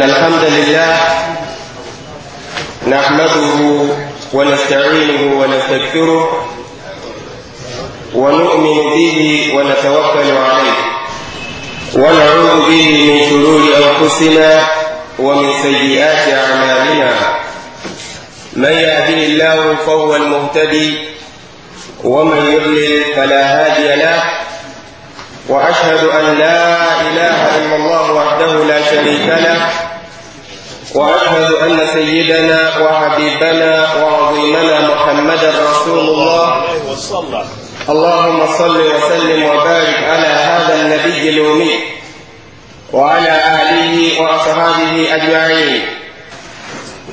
الحمد لله نحمده ونستعينه ونستغفره ونؤمن به ونتوكل عليه ونعوذ به من شرور انفسنا ومن سيئات اعمالنا من يهده الله فهو المهتدي ومن يضلل فلا هادي له واشهد ان لا اله الا الله وحده لا شريك له وأشهد أن سيدنا وحبيبنا وعظيمنا محمدا رسول الله اللهم صل وسلم وبارك على هذا النبي الأمي وعلى آله وأصحابه أجمعين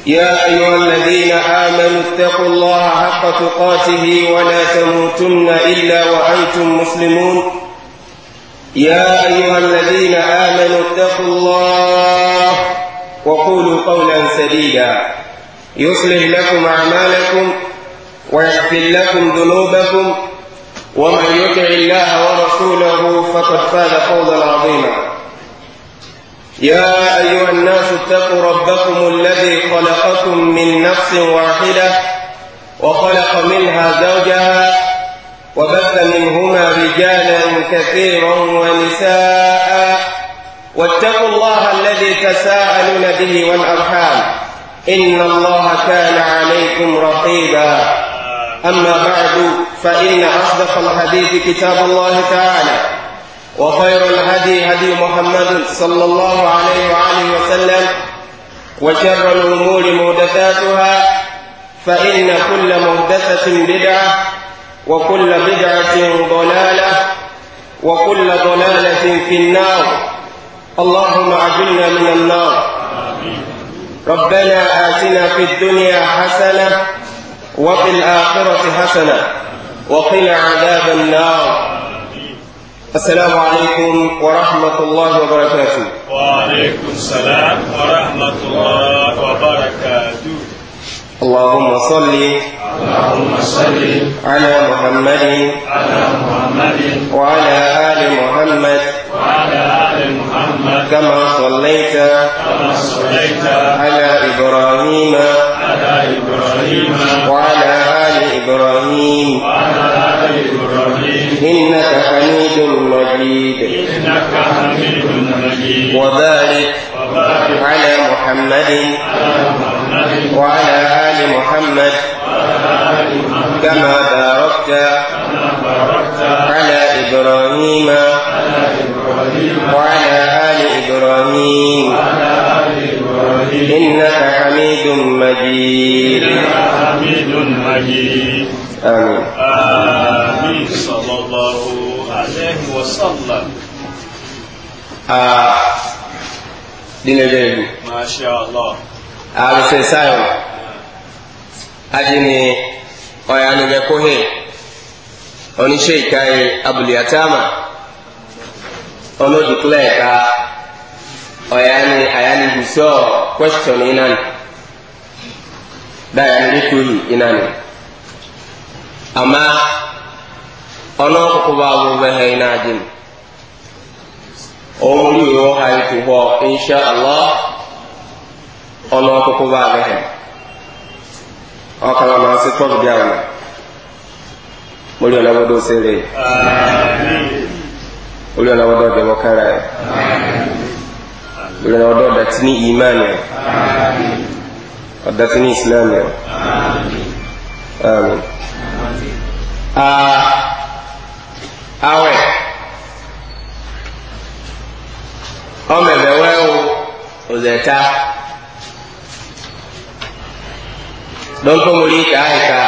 يا أيها الذين آمنوا اتقوا الله حق تقاته ولا تموتن إلا وأنتم مسلمون يا أيها الذين آمنوا اتقوا الله وقولوا قولا سديدا يصلح لكم أعمالكم ويغفر لكم ذنوبكم ومن يطع الله ورسوله فقد فاز فوزا عظيما يا أيها الناس اتقوا ربكم الذي خلقكم من نفس واحدة وخلق منها زوجها وبث منهما رجالا كثيرا ونساء واتقوا الله تتساءلون به والأرحام إن الله كان عليكم رقيبا أما بعد فإن أصدق الحديث كتاب الله تعالى وخير الهدي هدي محمد صلى الله عليه وآله وسلم وشر الأمور مهدثاتها فإن كل مهدثة بدعة وكل بدعة ضلالة وكل ضلالة في النار اللهم عجلنا من النار ربنا آتنا في الدنيا حسنة وفي الآخرة حسنة وقنا عذاب النار السلام عليكم ورحمة الله وبركاته وعليكم السلام ورحمة الله وبركاته اللهم صل اللهم صل على محمد على محمد وعلى آل محمد وعلى آل آل محمد كما صليت كما صليت على إبراهيم على إبراهيم وعلى آل إبراهيم وعلى آل إبراهيم إنك حميد مجيد إنك حميد مجيد وبارك على محمد وعلى آل محمد كما باركت على إبراهيم وعلى آل إبراهيم إنك حميد مجيد آمين آمين صلى الله عليه وسلم dinadɛɛlu alusɛ sayo adini ɔyanimɛ kohe oni sheika ye abuliyatama ono declare ka oyani ayani biso question inani da yani rikuri inani ama ono kukuba abubehe inajin omuli yo haitu ho insha allah ono kukuba abubehe ọkara na se tọrọ bí àwọn mori alawodo sere mori alawodo dẹmọkara mori alawodo datini imani ọdatini islami amin awẹ ọmẹbẹwẹ o ọzẹta dọnkọ mori ka ayika.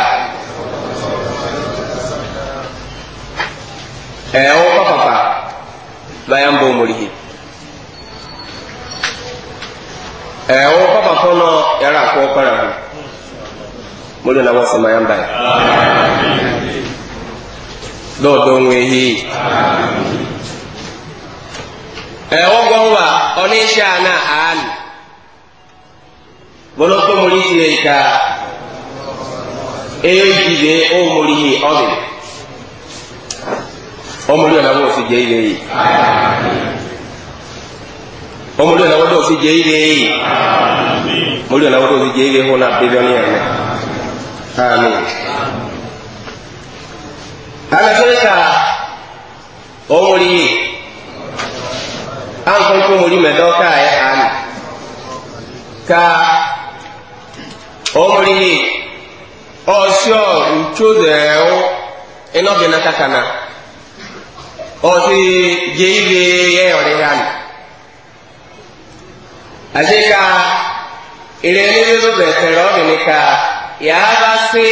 ɛɛwɔ papapa bayan bɔ morihi ɛɛwɔ papapa nɔ yɛrɛ akɔ kɔra ho mori na wɔsɛ mayan ba yi dɔw dɔn wehi ɛɛwɔ gɔnba ɔne ana aali bɔlɔ kɔ mori yɛ ika eyi ti de o ọmọdé ọ̀nà wọ́n sì jẹ́ ilé yìí ọmọdé ọ̀nà wọ́n sì jẹ́ ilé yìí ọmọdé ọ̀nà wọ́n sì jẹ́ ilé hún abẹ́lẹ́ni ẹ̀mẹ́ àmì. alẹ́sẹ̀ríkà ọmọdé yìí àǹkan tó ọmọdé mẹ́dọ́ká ẹ̀ àmì ká ọmọdé yìí ọ̀ṣọ́ ìtúzẹ̀ ẹ̀wọ̀ iná bẹ̀rẹ̀ kankan náà ɔsi yeibe yɛ ɔdi han ase ka ìrẹ̀lẹ̀ yóò tó bẹ̀sẹ̀ rọ́ọ̀dì ni ka yàá bá sí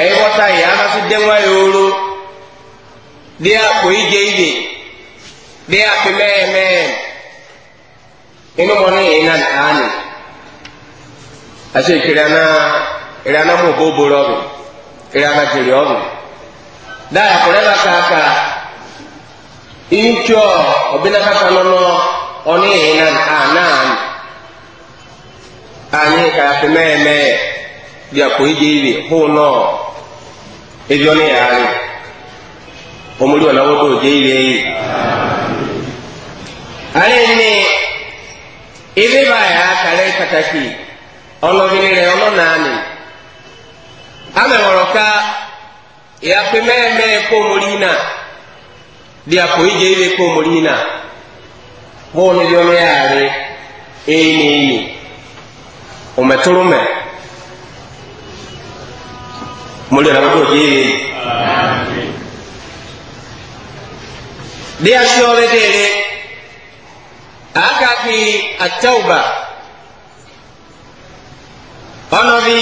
ẹ̀yìn wọ́ta yàá bá sí dẹ́wọ́ ìhóró bí àpò ìjẹ́ ìbè bí àpò mẹ́ẹ̀mẹ́ẹ̀ inú mọ́ ní ìyìn náà àánì ase ìkìlẹ̀ náà ìrẹ̀ náà mú bó bo rọ́ọ̀dì ìrẹ̀ náà jèrè ọ̀dì daa yakorɛba kaaka inkyɔ ɔbɛna kaka nɔnɔ ɔne yinan anan anyi kaafe mɛɛmɛɛ bi akoyi deebi hoo nɔɔ ebi ɔne yaare ɔmuli ɔna wodo deebi eyi ale ni ebi ba yaa kare kataki ɔnɔbini rɛ ɔnɔ naani amɛ wɔrɔ ya pe meme ko mulina dia ko ije ile ko mulina wono yono yare eni eni umeturume muli na mtu jili dia shore dele akaki atauba ono bi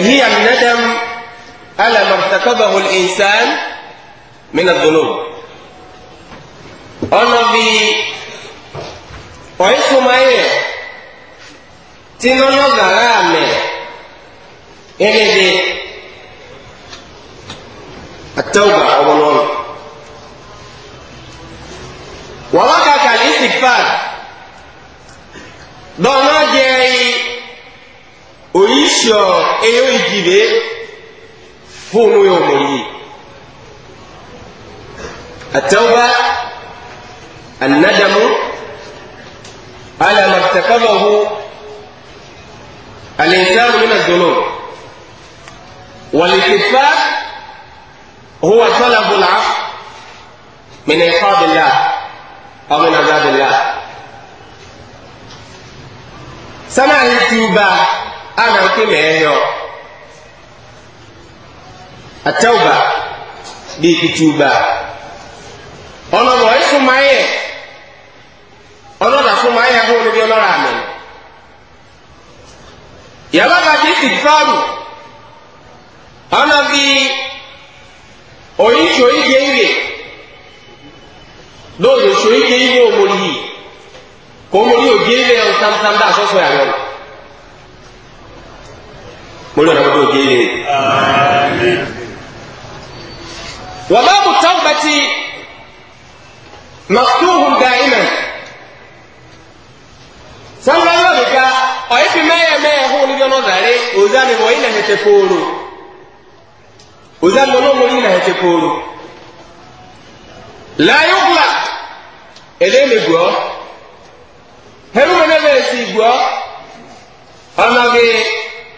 هي الندم على ما ارتكبه الإنسان من الذنوب أنا في أعيش معي تنو نظرام إلي دي التوبة أولون ووقع الاستغفار دونو sure eyo igibe hunu yo muri التوبة الندم على ما ارتكبه الإنسان من الذنوب والاستغفار هو طلب العفو من عقاب الله أو من عذاب الله سمع التوبة ana nke meeyo atauba bi kutuba ono bo isumaye ono da sumaye ho ni bi ono ra mi ya baba ji istighfaru ana bi oyi so ige ire do do so ige ire omori ko omori oge ire o sam sam da so so ya mọ́lẹ́ ọ̀nà gbogbo òjì ilé. wọ́n máa mú táwọn bá ti mọ̀túhùn dá ìmẹ̀. sáwọn ọlọ́run nìkan ọ̀yẹ́ fi mẹ́yẹ mẹ́yẹ hó níbi ọ̀nà ọ̀dàrí òzá ni wọ́n ilẹ̀ hẹ̀tẹ̀ fóoru òzá ni wọ́n ilẹ̀ hẹ̀tẹ̀ fóoru. láyé ó gbà eléyìí gbọ́ hẹ́rù mọ́lẹ́ bẹ̀rẹ̀ sí gbọ́ ọmọge.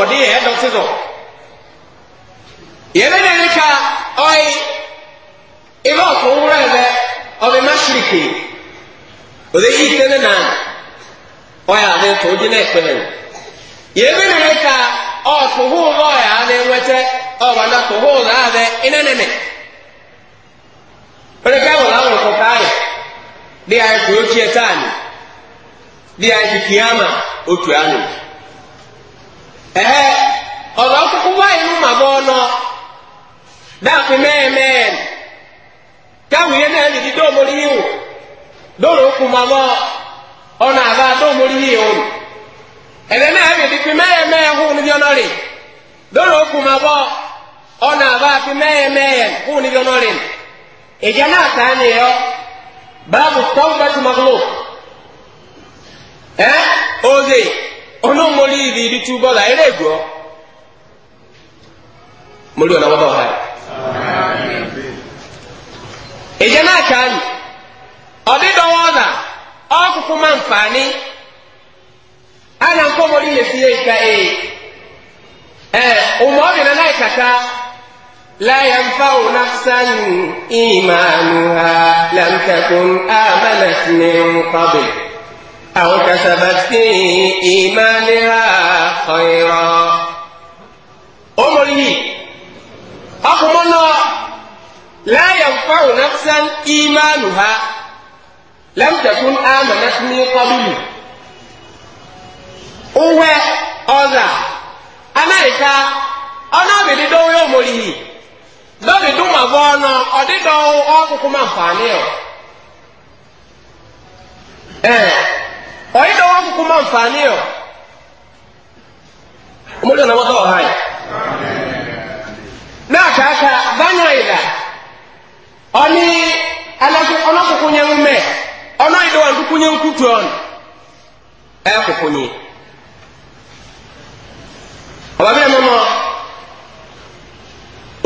bɔde yɛ ɛdɔte dɔ yɛne ne ne ka ɔyi ebe ɔfo nwura ɛbɛ ɔbɛ ma shiriki ɔde yi ite ne na ɔyɛ ade to ɔgye na ɛkpɛlɛ o yɛne ne ne ka ɔfo ho ɔyɛ ade nwɛtɛ ɔba na fo ho ɔyɛ ade ɛne ne ne pɛrɛkɛ wɔ n'awɔ kɔkɔ ayɛ de ayɛ kuro tie taa ni de ayɛ kikiyama otu ano. ɛhɛ ɔlɔ koko wáyé nu ma bɔ ɔnɔ dàpé mɛɛmɛɛ káwéé náà lè di dóomori yìí o oku ma bɔ ɔnà àbá dóomori yìí o ɛdɛ náà lè di pé mɛɛmɛɛ hó níbi ɔnɔ ma bɔ ɔnà àbá pé mɛɛmɛɛ hó níbi ɔnɔ rè náà tà ní yọ ma oze. onu mori ibi iri tu bọ́lá eré ìgbọ́ mori ọ̀nà wọ́bọ̀ ha ìjẹ́ náà kàánì ọ̀dídọ̀wọ́ ọ̀dà ọkùnkùn máa ń fà ní ana nkọ́ mori lè fi èka e ẹ̀ ọmọ ọ̀dìnà náà kàkà na nfa ònà sani ìmánu ha làǹtẹ̀kùn àmàlà sí ní nkọ́bẹ̀. أو كسبت في إيمانها خيرا أمره أخمنا لا ينفع نفسا إيمانها لم تكن آمنت من قبل أوه أذى أمريكا أنا بدي دوري أمره lórí dùnmọ̀ bọ́ọ̀nà ọ̀dídọ̀ ọ̀kùnkùn máa ń fà á ní ọ̀. ọ̀yí dọ̀wọ́ kúkú máa ń fà ní ọ̀ múlò náà wọ́tọ̀ ọ̀hán náà kàákà báyà ìdá ọ̀ní ọlọ́kùnkù yẹn ń mẹ́ ọ̀nà ìdọ̀wọ́ kúkú yẹn ń kútu ọ̀n ẹ̀ kúkú yẹn ọ̀bá bí ẹ̀ mọ́mọ́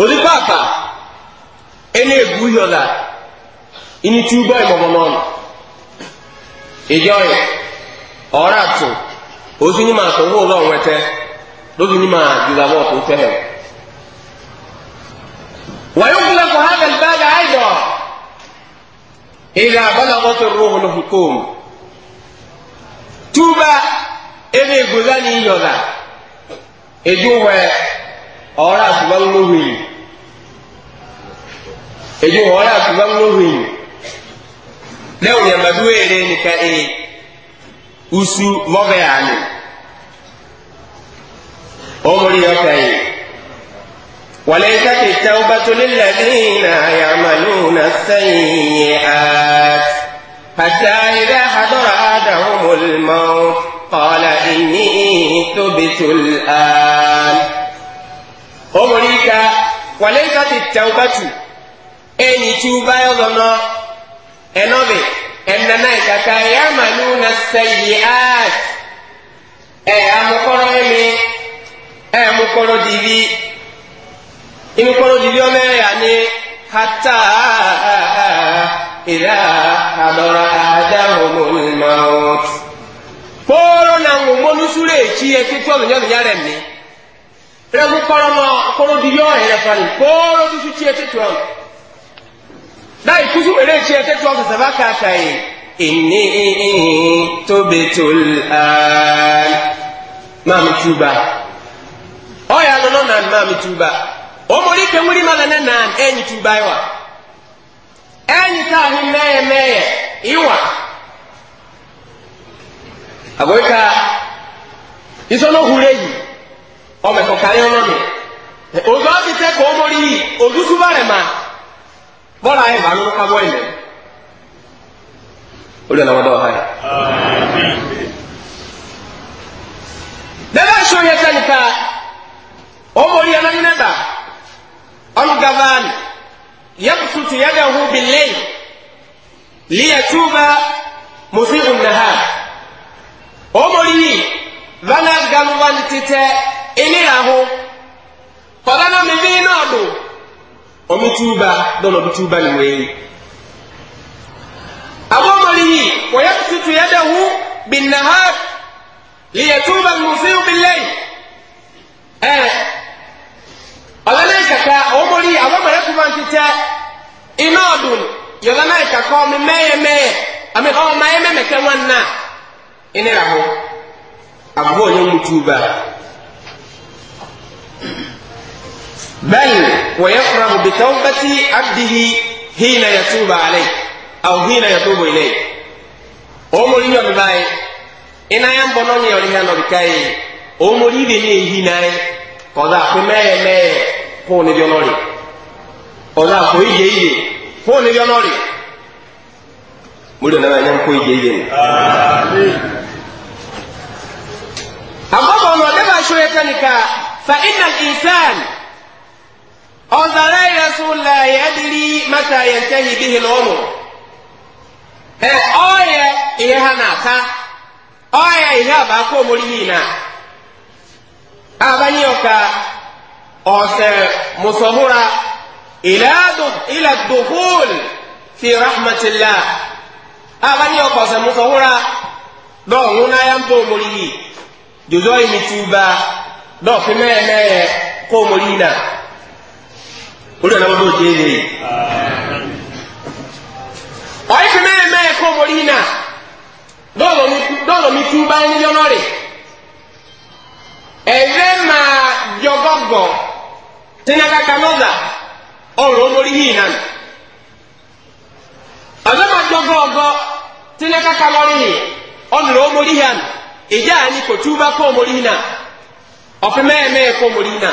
òdì pàápàá ẹni ègbú yọ̀dà ìní túbọ̀ ìmọ̀mọ́mọ́ ọ̀rọ̀ àtò oṣù ní máa sọ̀rọ̀ ọ̀rọ̀ ọ̀wẹ́tẹ́ lóṣù ní máa jùlọ bọ́ tó tẹ́ ẹ̀. wàyó kúlẹ̀ kò hàn bẹ̀rẹ̀ báyìí àìdọ̀ ìlà àbálàbọ̀ tó rú òun lóhùn kóòm. túbà ẹni ìgbòlá ní ìyọ̀lá ìdúwẹ̀ ọ̀rọ̀ usu mɔbɛ ani omori yɔkɛ yi wàlẹ́yìn káàkiri tẹ ọba tó lé lẹ́dínà àyàmàlú na sẹ́yìn àt àti àìrẹ́ àdọ́rà àdàwọn mọ̀lẹ́mọ́ kọ́lá ìní tóbi tó lán. omori ká wàlẹ́yìn káàkiri tẹ ọba tó ẹ̀yìn tí ó bá yọ̀ lọ́nà ẹ̀ nọ́bẹ̀ ɛnana yi kaka yamalu na sɛyi aat ɛ amukɔrɔ ɛmi ɛ amukɔrɔ dibi imukɔrɔ dibi ɔmɛ yanni hata ila adɔra adahomoni maot kpɔɔrɔ na ŋun mɔnusure etsi yɛ kí tɔmi nyɔnu ya rɛ mi rɛ kó kɔrɔ mɔ kɔrɔ dibi ɔrɛ yɛ fani kpɔɔrɔ dusu tsi yɛ kí dai kuzu ere chi ete tu ọsọ sẹba yi inni tobe tol ọya nọ na maami tuba omori ke nwuri na enyi tuba iwa enyi ta ahi meye meye iwa agboika isono hure yi ka ma. bọ́lá ayé bàánú ká bọ́ ilẹ̀ olú ẹ̀ lọ́wọ́dọ́ ọ̀há yẹ. dẹ́rẹ́ sọ yẹ sẹ́yìn ká ọmọ orí ẹ̀rọ yín dà ọmọ gavani yẹ́pùtù ti yẹ́dà ọ̀hún bí lẹ́yìn liyatuba musiu nahar ọmọ orí yìí vanagamu vanititẹ ilé àhó kọ̀dánà mi náà dùn. omituba dolo bituba liweyi abomalihi wayaksutu yadahu binnahar liyatuba almusiu billail ee ọlanaikaka omoli abomayakuba nkita inoodun yolanaikaka omi meyemeye ami omayememeke wanna iniraho abuho onye mutuba بل ويفرح بتوبة عبده حين يتوب عليه أو حين يتوب إليه أمر يوم باي إنا ينبنون يوليها نبكاي أمر يبني هناي قضاء فمي مي فون بيونوري قضاء فوي جيدي فون بيونوري مولي نما ينم فوي جيدي آمين أقوم أنا لما شوية فإن الإنسان ọ̀sàrà ìrẹsùlẹ̀ yẹ́dìrí mẹ́ta yẹ̀ntẹ́ yìí bí hìlọ́ ọ̀nù ẹ ọ̀yẹ ìhẹ́ ha n'ata ọ̀yẹ ìhẹ́ àbákọ́ omori yìí nà abanye ọ̀ka ọ̀sẹ̀ mùsọ̀húra ilẹ̀ dùkúl fi rahmatillah abanye ọ̀ka ọ̀sẹ̀ mùsọ̀húra dọ̀ọ̀hún náà yà ń bọ̀ omori yìí jòjọ́ yìí mi túba mẹ́ẹ̀mẹ́ẹ̀ kọ́ omori yìí nà olú ẹ̀nà ọdún jẹ́ èrè ọ̀yẹ́ fi mẹ́rin mẹ́rin kó wọlé iná dọ́ọ̀lọ́ mi tú bá ní lọ́nà rẹ̀ ẹ̀rẹ́ máa jọgọ́gọ́ sinaka kanọ́dà ọ̀rọ̀ olórí yìí nà ní ọ̀rẹ́ máa jọgọ́gọ́ sinaka kanọ́rì yìí ọ̀rọ̀ olórí yìí nà ìjà ni kò tú bá kó wọlé iná ọ̀fẹ́ mẹ́rin mẹ́rin kó wọlé iná.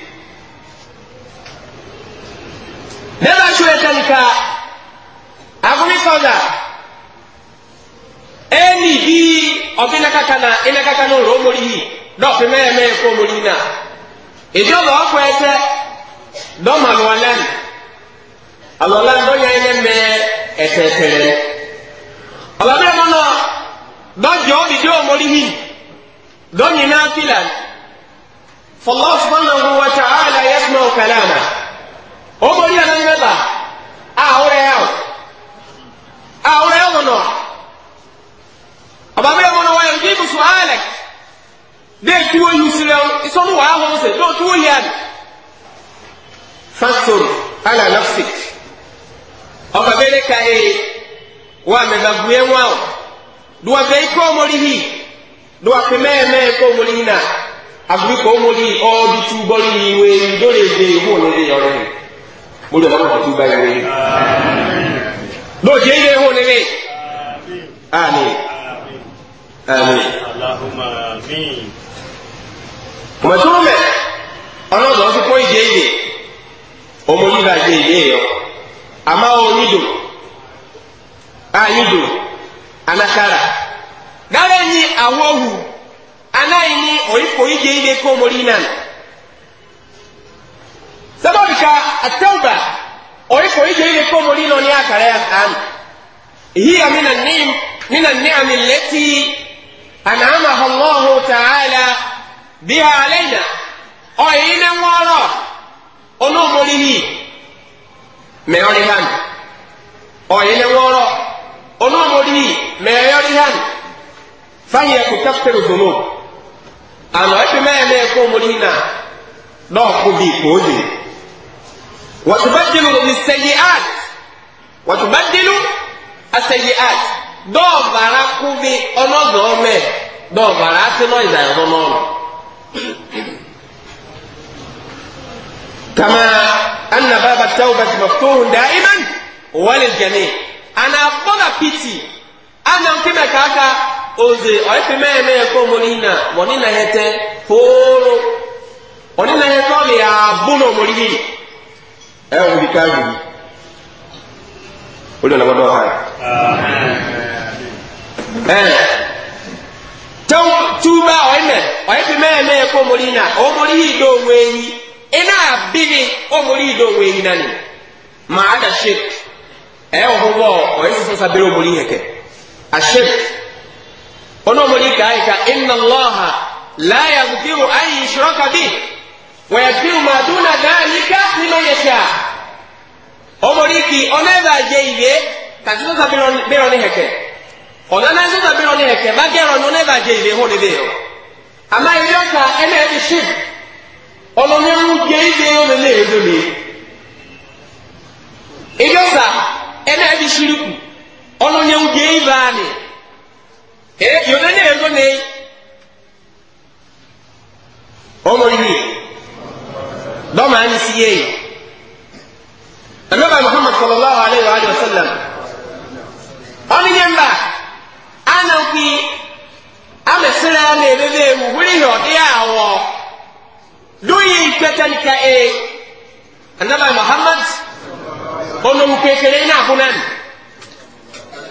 nẹ́ẹ̀bà tó yẹ tẹ̀lika agunifọ̀dà ẹni bí ọbí nakaka na ẹnakaka na ọrọ omori yìí dọ́ọ̀fin mẹ́ẹ̀mẹ́ẹ̀ kó omori yìí náà èdè ọ̀lọ́ ọkọ̀ ẹsẹ̀ dọ́ọ̀mà lọ́ọ̀lẹ́nu alọ́ọ̀lẹ́nu dọ́ọ̀yà ẹ̀yẹ mẹ́ẹ̀ ẹsẹ̀ ẹsẹ̀ rẹ̀ ọ̀lọ́dẹ́ mọ́ náà dọ́jọ́ òbí dé omori yìí dọ́ọ̀nyìn náà fìlà fọlọ́ọ̀fọ́nà wọ́n wọ́n ta àlàyé ọmọ yìí àná mẹ́ta àwòrẹ́ yà ó àwòrẹ́ yà wọn nọ àbábẹ́ yà wọn nọ wáyà bíi musu alẹ̀ dé tí yìí sílẹ̀ ó ìsọ́nù wàá hàn sẹ̀ dé tí yìí àná fasol ala nafsik ọba bẹ́ẹ̀ ka ẹ̀ wà mẹ́ta bu ẹ̀ wọ́n do abẹ́ ikọ́ ọmọ yìí hì do apẹ́ mẹ́ẹ̀mẹ́ ikọ́ ọmọ yìí nà àbúrò ikọ́ ọmọ yìí ọ́ bí bọ́ọ̀lù yìí wẹ́ẹ́ dọ́lẹ̀ dé ìhùwọ̀n lórí ọ̀rọ̀ yìí mori ọlọrun kan tún bá yẹn wẹyìn lóòjì ilé hó nílé ami ami mọ̀tún mẹ́ ọlọ́dọ̀ ọ̀sùn kó ìdí èyí ọmọ yìí bá yẹ ìdí èyọ àmọ́ oyin dùn ayin dùn anakara dábẹ́ ní àwọn òhù anáyìn ní òyìnbó ìdí èyí kó mọ́rí náà sadọ́ọ̀dì ka àtẹ́wùbà ọ̀yẹ́kọ̀ yìí jẹ́rìí kó mo nínú ní àkàrẹ́ àtàmù èyí àmì nà ní nínà ní àmì lẹ́tì àná àmà ọlọ́hùn tààlà bí i àlẹ́yìn ọ̀yẹ́ iná wọ́ọ́rọ̀ olóòmórí yìí mẹ́rin hàn ọ̀yẹ́ iná wọ́ọ́rọ̀ olóòmórí yìí mẹ́rin وتبدل للسيئات وتبدل السيئات dɔɔbara kubi ɔnɔdɔɔmɛ dɔɔbara asinɔ kama anna baba tawbati maftuhun daiman walil ana bɔga piti ana kibɛ kaka oze ɔyipi mɛyɛmɛ yɛ kɔn mori na mɔni na yɛ tɛ na yɛ tɔ ya a bunu yi. ẹ̀wọ̀n bí káàkiri ó lè lọ́wọ́dọ́ ha ẹ̀ tẹ́wọ́ túbà ọ̀ẹ́mẹ̀ ọ̀ẹ́bí mẹ́ẹ̀mẹ́ ẹ̀kọ́ mọ́rí náà ọmọrí ìdó òwe yìí iná àbíbi ọmọrí ìdó òwe yìí náà ni màá dà ṣe ẹ̀ ọ̀húnwọ́ ọ̀ẹ́sísẹ́ sábẹ́rẹ́ ọmọrí yẹn kẹ́ àṣẹ ọ̀nà ọmọrí kàáyìká iná lọ́ha láyà zùkírù ayé ìṣòro kàbí. ويغفر ما دون ذلك لمن يشاء أمريكي أنا ذا جيبي تنسونا سبيرون بيرون هكي أنا نسونا بيرون هكي ما جيرون أنا ذا جيبي هوني بيرو أما إليوكا أنا إشيب أنا جيبي هوني بيرو إليوكا أنا إشيب أنا جيبي هوني Eh, yo ne ne yo ne. Omo yi dɔm ani si yie anaba muhammad sallallahu alayhi wa alayhi wa sallam ɔni nyɛ mba ana kwi ama sira na ebebe mu wuli yɛ ɔde awɔ do yɛ ikpɛtɛ nika e anaba muhammad ɔnum kekere na ahunan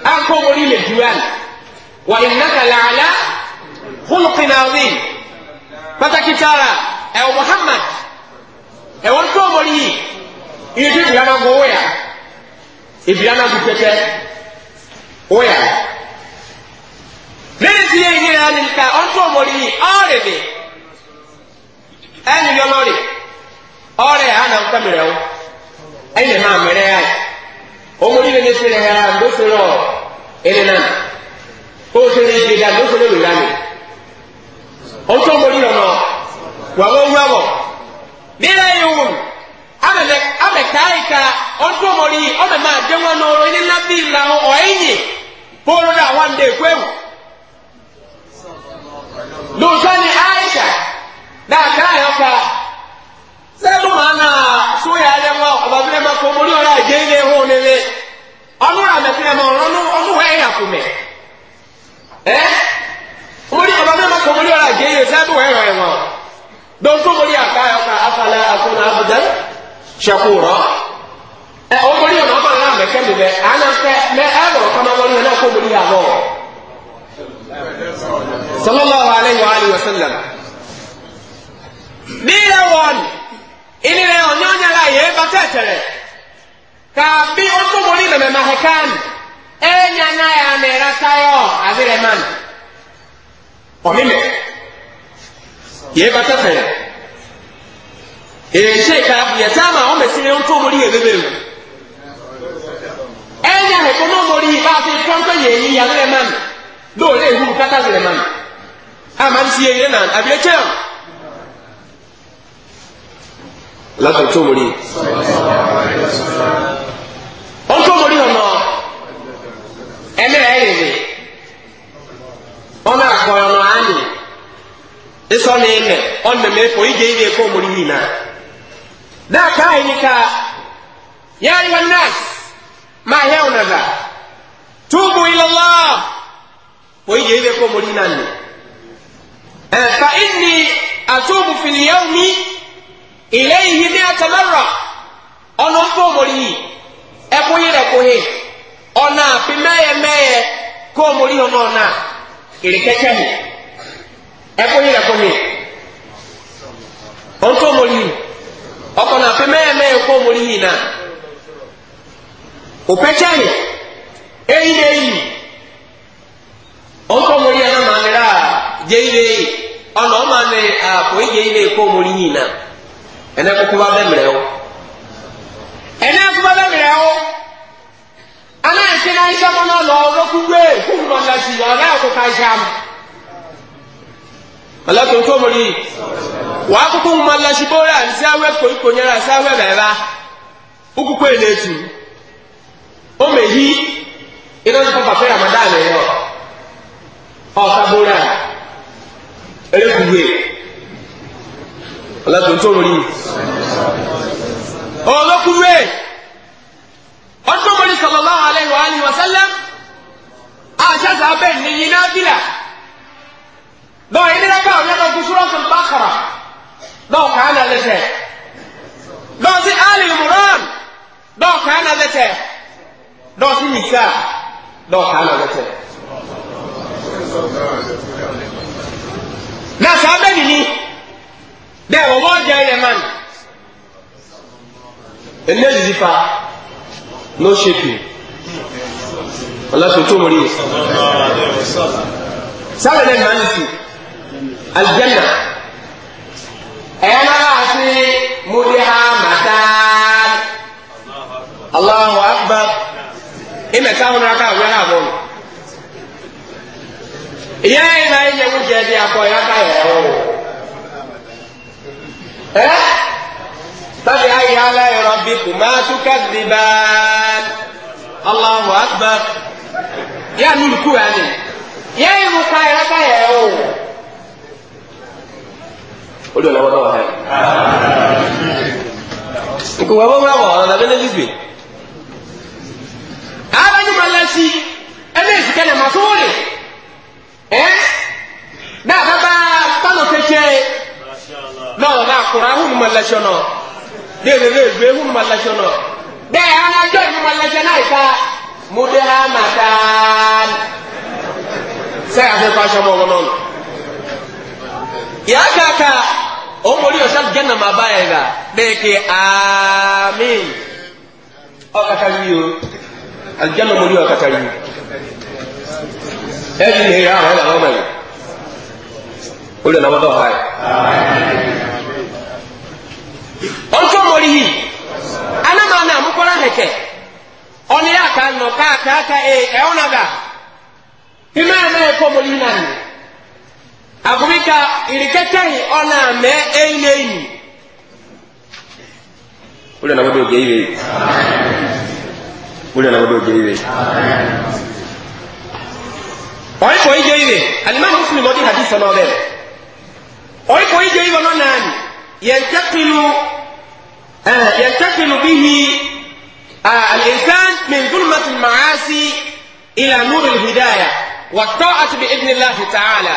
akɔ le duwan wa innaka laala hulqin azim pataki taara ɛwɔ muhammad ẹ̀wọ̀n tó mọ̀ ní iye tó ìbílẹ̀ máa ń gbọ́ wọ́yà ìbílẹ̀ máa ń gbọ́ pẹ́pẹ́ wọ́yà. lẹ́yìn tí yẹn yẹn hàn nìkan ọ̀n tó mọ̀ ní ọ̀rẹ́ mi ẹni yọmọ rẹ ọ̀rẹ́ hàn náà ń tẹ̀mẹ̀rẹ̀ o ẹni hàn mẹ́rẹ́ yà ọmọdé lè ní sẹ́rẹ̀ yà ló sọ̀rọ̀ ẹni náà ó sọ̀rọ̀ ìgbéga ló sọ̀rọ̀ ìlànà ọ̀n tó mọ̀ ní ọ̀nà wà wọ́n wúwọ́ mira yun amele ame kaika ọdún ọmọrí ọmọ ẹ̀ma àdéhùn ẹ̀nà ọ̀rọ̀ na nábì ìlànà ọ̀ẹ́yìn aisha na sóyà ẹ̀rẹ́ wọn ọ̀bà bí ẹ̀ máa kọ́ ọmọrí ọ̀rọ̀ àjẹ́ ilé ẹ̀hún nílé ọdún rà don ko mori aka ya ka afala akuna abudan shakura e o mori o ma na me ke be ana ke me e ro ka ma mori na ko mori ya bo sallallahu alaihi wa alihi wasallam ni ya wan ini re o nyonya la ye ba tetere ka bi o ko mori na me ma hekan e nya na ya me ra tayo azire man o mi yɛ bata fɛ ɛyɛnhyɛ eh, ka yɛ saa ma ɔmɛ si ne nto mori yɛ bebe mu ɛnyɛ hɛkɔ na mori yi ba fi kɔnkɔ yɛ yi yɛ lɛ man na o lɛ ehuru kata lɛ man a man si yɛ yɛ nan abiɛ kyɛn lati nto mori ɔnto mori ɔnɔ ɛnɛ ɛyɛ de ɔnɔ akɔyɔ nɔ. eso nene onne mefo ije ile ko mulina da kai nika ya ayuha nas ma yauna za tubu ila allah fo ije ile ko mulina ni fa inni atubu fil yawmi ilayhi mi'ata marra ono fo muli e ko meye meye na ẹkọ yìí lẹkọ mi ọ̀n tó mo yìí ọkọ̀ náà fi mẹ́ẹ̀mẹ́ẹ̀ kó mo yìí náà òpẹ́tsẹ́ yìí eyi lé yìí ọ̀n tó mo yìí ẹ̀ náà máa mi rà jẹ́ yìí lé yìí ọ̀nà ọ̀ máa mi àpò yìí jẹ́ yìí lé kó mo yìí náà ẹ̀nà kókó bá bẹ́ẹ̀ mìíràn o ẹ̀nà kókó bá bẹ́ẹ̀ mìíràn o anáyẹ̀sẹ̀ náà iṣẹ́ mọ́ náà lọ ọ̀rọ̀ kúgbé kúrú náà ọlọ́tún tó mọ̀rí wàá kúkú mọ lọ́sibóra sí awẹ́ koríko nyara sí awẹ́ bẹ̀rẹ̀ ukukú ẹ̀ n'etu ó mèyí iná tó pàpà fẹ́ ramadan rẹ̀ yọ ọ̀ọ́ta bóra erékùwé ọlọ́tún tó mọ̀rí olókùwé ọdún mọ̀rí sọ̀lọ́lá àlẹ́ wàhálì wàsálẹ́m àṣà sábẹ́ nìyí náà bílà dɔw yìí nílẹ̀ káwọn yẹn lọ́kùn sọ́rọ́ sọ́n bá kọ̀rọ̀ dɔw kàn án lẹ́sẹ̀ dɔw sí ali imran dɔw kàn án lẹ́sẹ̀ dɔw sí nisa dɔw kàn án lẹ́sẹ̀. na saa bɛ nini dɛ wɔwɔ jɛ yɛ man ɛnɛ zizi pa no shaping ala sotomori sábẹ̀ lẹ́nu máa ń sùn aljanna ɛna ase muliha mataan allahu akbar ina ka hun raka wɛrɛ a bolo yɛ ina yi nyɛ wujɛ di akɔ ya ka yɛ o oh. ɛ eh? tabi ayi ala yɔrɔ bi kuma tuka dibaan allahu akbar yɛ nulu ku yanni yɛ inu ka yɛ ka olú ọ̀la wọn náà wà hẹ́ẹ̀. nkò wà wọ́n wọ́n ọ̀la bẹ́ẹ̀ lẹ́yìn gbè. abẹ́ni ma lọ sí ẹni ìsìkẹ́ ni màá sọ́wọ́lì ẹ́ náà bàbá kánò kẹ́kẹ́ náà wọ́n náà kura ehun ma lọ sí ọ̀nà déèdè déèdè ehun ma lọ sí ọ̀nà bẹ́ẹ̀ anájọ́ ìhun ma lọ sí ọ̀nà mo dé ha màtá sẹ́yà fẹ́ fà sọ́mọ́ wọn náà. ya kaka o mori o sal janna ma ba ya ga de ke amin o ka tari yo al janna mori o ka tari e ni ne ya wala wala mai o le na wala ha on ko mori hi ana ma na mu ko ra heke on ya no ka ka e e ona ga ima na e ko mori na ni agụbika ona me na-ame enyi enyi ụlọ na wado ugeiwe iwe ụlọ na wado oge iwe onye kọ ije iwe alimam muslim ọdị hadis na ọbịa onye kọ ije iwe nọ naanị yantakilu yantakilu bihi الإنسان من ظلمة المعاصي إلى نور الهداية والطاعة بإذن الله تعالى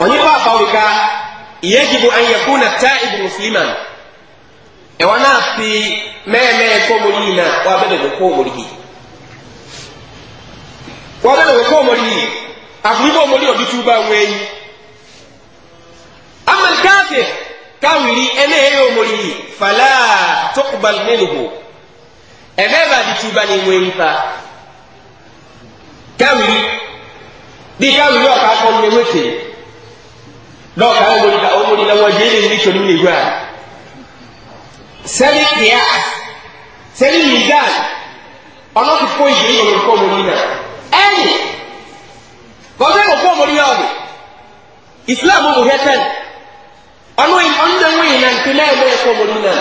onyimpa afawika yejibu an yakuna taibu musliman ɛwɔ e, naa fi mɛɛmɛɛ kɔmɔri yi na wabɛdɛ ko kɔmɔri yi wabɛdɛ ko kɔmɔri yi afiri bɔ ɔmɔri ɔbi tuba wɛɛ yi amal kaafe kawiri ɛnɛ ɛyɛ ɔmɔri yi fala tɔkubal mɛnuhu ɛbɛɛ b'a di tuba ni wɛɛ nfa kawiri bi kawiri ɔka kɔn ne wɛɛ dɔw kan wuli ka o wuli la wa jeli ni kyoli ni gba sɛli kia sɛli mizan ɔno ti foyi o yɛlɛ kɔ mo ni na ɛni kɔfɛ o kɔ mo ni yɔ de islam o hɛ tɛn ɔno yi ɔno na ŋun yi na nti na yɛ lɛ kɔ mo ni na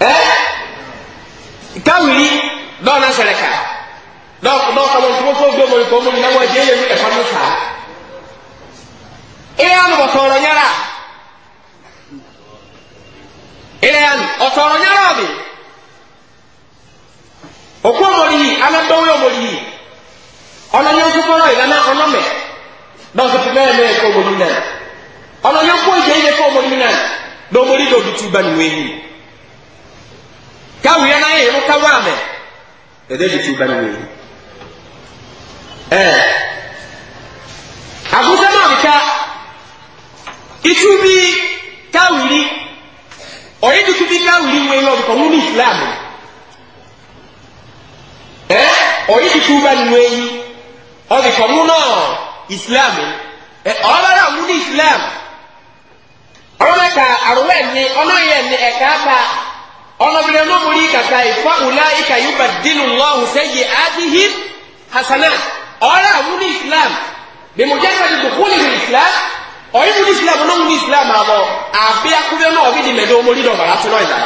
ɛ kawiri dɔw na sɛlɛ ka dɔw dɔw kama ntumu fo gbɛ mo ni kɔ mo ni na wa jeli yɛlɛ ɛfɔ mi fa. ịlịan ọtọrọ nyara ịlịan ọtọrọ nyara ọbị okwu ọmọdịyị anadọwị ọmọdịyị ọnọnyẹ nkwụkwọrọ ìlànà ọnọmẹ dọsọpụ mẹrẹmẹ ẹkọ ọmọdị náà ọnọnyẹ nkwụ ìjẹ ìjẹ kọ ọmọdị náà na ọmọdị dọ dutu ba nìwé yìí itubi kawiri ọyẹdi tubi kawiri wo yẹ ọdukọ mu ni islam ẹ ọyẹdi tuba ni wo yi ọdukọ mu nọ islam ẹ ọlọlọ mu ni islam ọlọlọ ka arọwọ ẹni ọlọyẹ ẹni ẹka ka ọlọbìnrin ọmọ mi kàkà ìfọ ọlá ìkà yóò bá dínú lọhùn sẹyìn adìhí hasanah ọlọlọ mu ni islam bẹẹ mo ti dùkú ni islam ọ̀yẹ́ ní islam náà ní islam àbọ̀ àbí akúbẹ́ náà bí di mẹ́jọ omori dọ̀ bàrá tún ọ̀yà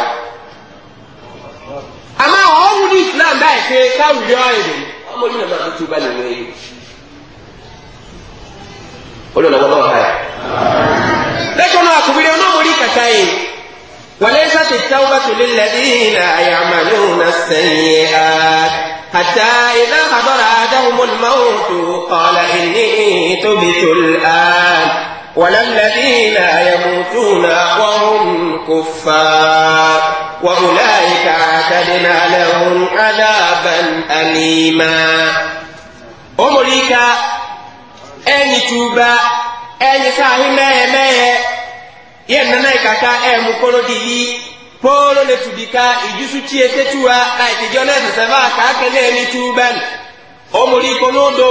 àmọ́ ọ̀hún ní islam dáì pé káwùrí ọ̀yẹ̀ ọmọdé náà máa tó bá nìyẹn yìí olùlọ́wọ́ náà báyà. lẹ́kọ̀ọ́ náà àkùbírí ọ̀nà omori kàkà yìí wàlẹ́ sáti táwọn tó lé lẹ́bí náà àyàmà yóò náà sẹ́yìn حتى إذا حضر أحدهم الموت قال إني تبت الآن الذين يموتون وهم كفار وأولئك أعتدنا لهم عذابا أليما أمريكا أني توبا أني ساهي ميه ميه يننا كاكا أمو كولو دي polo le tubika ijusu tie tetua na itijona seseva kaake ne ni tuban omuli kono do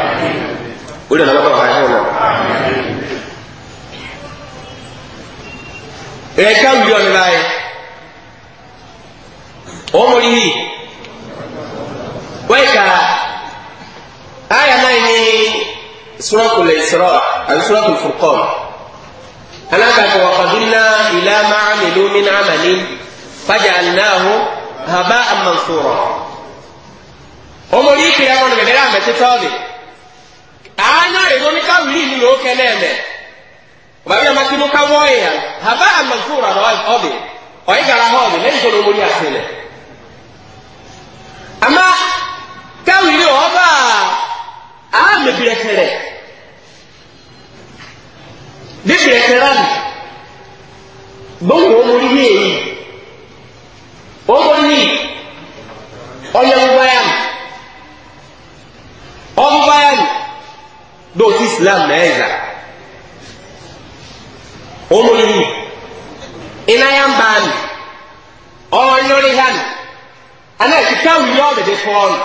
orí ọ̀nà lọ́kọ̀ ọ̀hán ẹ̀hún náà. ẹ̀ka wíwí ọ̀nà láyé ọmọ rí yìí wọ́n ìka ayà náà ní sọ́ọ̀kù lè sọ́ọ̀ àti sọ́ọ̀kù fúrkọ́ alákàtà wàkàdúnà ìlà máa mélòó mi náà màlí fàjà ànáhùn hàbá àmàǹsọ̀rọ̀ ọmọ rí kiri àwọn ọ̀nà bẹ̀rẹ̀ àmẹ́tẹ́tọ́ bẹ̀rẹ̀ anya ironika wili ni o kelele babi ama kinu ka woye ya haba amazura na wa obi o igara ha obi lẹyìn tolo woni asele ama ka wili o ba a mebire kere mebire kere ni gbogbo o mori ni eyi o ni ọyọ ngwa ya ọgbọ ya dóòtú islam náà ẹ̀zà ọmọlúwì ìnáyàmbá ni ọ̀nyọ́rìhà ni anáyẹ̀kíkà wùyọ́ ọ̀dẹ̀dẹ̀ fọ́ọ̀nù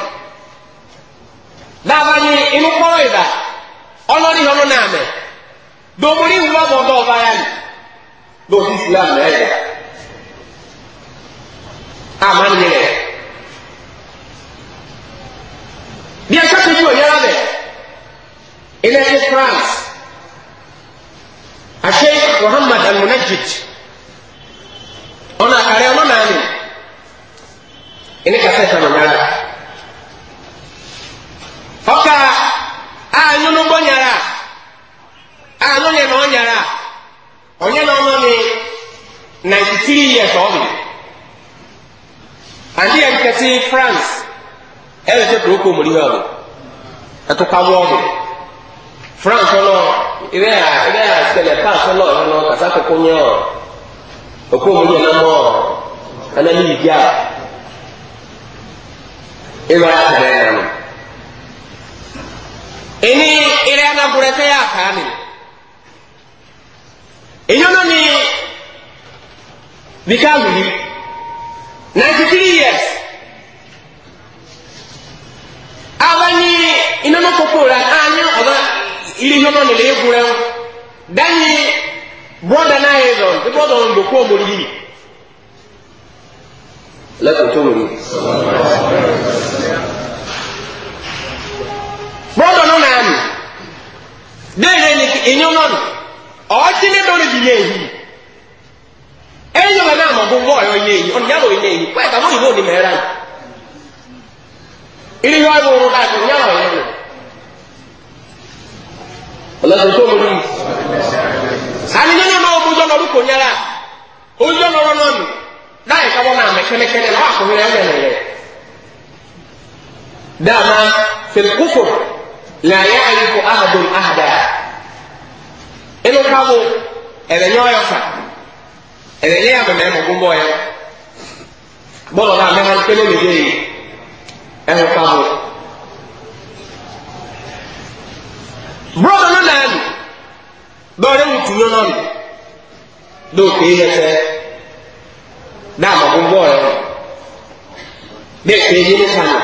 dábàá ní inú kọ́rọ̀ ìdá ọlọ́rìhà ọ̀nà náà mẹ́ dòmúrí wùlọ́ bọ̀dọ̀ ọba yá ni dóòtú islam náà ẹ̀zà àmàlẹ́ rẹ̀ bí ẹ sọ́kùnrin yóò yára bẹ̀rẹ̀. إلى فرنسا الشيخ محمد المنجد أنا أرى أنا نعمل إنك أسيطة نمارا أوكا أعنون بنيارا أعنون ينوانيارا أعنون أمامي 93 years old àti ẹ̀ǹkẹ̀sí france ẹ̀rẹ́sẹ̀ tó kó mọ̀lẹ́wẹ̀ ọ̀dọ̀ ẹ̀tọ́ pàwọ́ ọ̀dọ̀ france lọ ibe a ibe a sẹlẹ pass lọ yẹn lọ kasa koko nyẹ ọ oko mu yẹn lọmọ anani yi bia ebe a sẹlẹ yẹn lọ ẹni ẹrẹ anagunrẹ sẹ yà kàá ni ẹnyọnu ni bika wuli ninety three years awa ni inanokoko ra anyi ọba iri hiono ne le gure danyi brother na ye zo the brother on boko mo ri la ko to na mi de ni inyo no o ti ni do ri ye yi eyo na na mo bo yo ye yi on ya lo ye yi pa ta mo ibo ni mera iri yo ayo ro ta ko nya ọlọ́dún tó mú ní. àníyànjú máa bójú ọlọ́dún kò yára ojú ọlọ́rọ̀ náà nù láì káwọ́ náà mẹ kẹ́lẹ́kẹ́lẹ́ náà àkùnrin ẹ̀ mẹ́rin rẹ̀. dáàmà fèkúfò làyà àyíkò ahàdùn ahàdà inú káwọ́ ẹ̀rẹ̀ yẹn ọ̀yọ̀ fà ẹ̀rẹ̀ yẹn àmọ̀mẹ́ mọ̀gún bọ̀ yẹn bọ́ọ̀lù náà mẹ́rin pẹ́lẹ́ brother no nan dɔɔre wutu no nɔ no dɔɔ kpee yɛ sɛ na ama bo bɔɔl no ne kpee yɛ ne kan no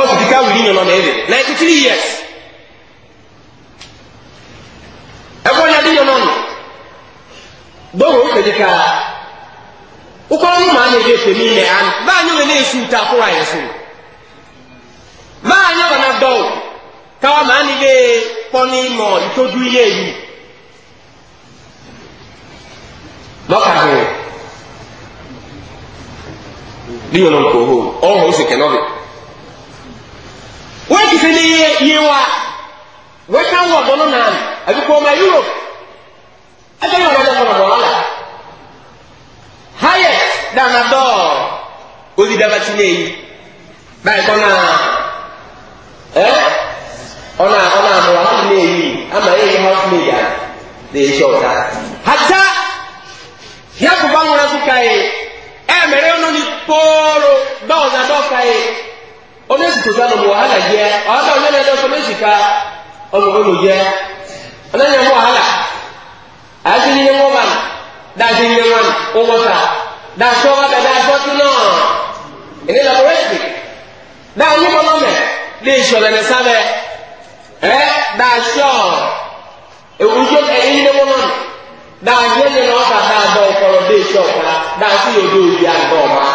dɔɔ sidi ka wuli nyɔnɔ na ɛdi ninety three years ɛkɔ nyadi nyɔnɔ no dɔɔ wo kpɛ ka wokɔ no maa na ebi efe mi na ɛha no baa nyɛ wɔ ne esu ta akora yɛ so. maanyị ọba na dọ ka ọ maa niile kpọ ihe eyi dọka bụ dịwe na nke ohoo ọhụ ose kenọbi wee kịsị n'ihe ihe nwa wee ka nwa ọgbọnọ na ajụkwa ọma yurop ebe ya ọgbọnọ ọgbọnọ ọla hayes dana dọọ ozi dabachi na-eyi ọ na-amụrụ ha na-eyi ama eyi ha na-eyi na-ehi ọta ya kụba nwụrụ asụ ka e mere ọnụ ni kpọrọ dọọ ka ị onye tutu ta n'ụwa ha na ya ọ onye na-edosa onye si ka ọmụmụ ụmụ ọ na-enye mụ ọhala azụ nwa nwa na-edosa onye n'ọmị. lè sọ̀rọ̀ ní sábẹ́ ẹ́ dáa sọ ewúso ẹ̀yìn ní wọn dáa yé ní ní ọ̀tà dáa dọ̀ ọ̀kọ̀rọ̀ lè sọ ọ̀kọ̀rọ̀ dáa sí yòdó òbí àgbọ̀ ọ̀ma.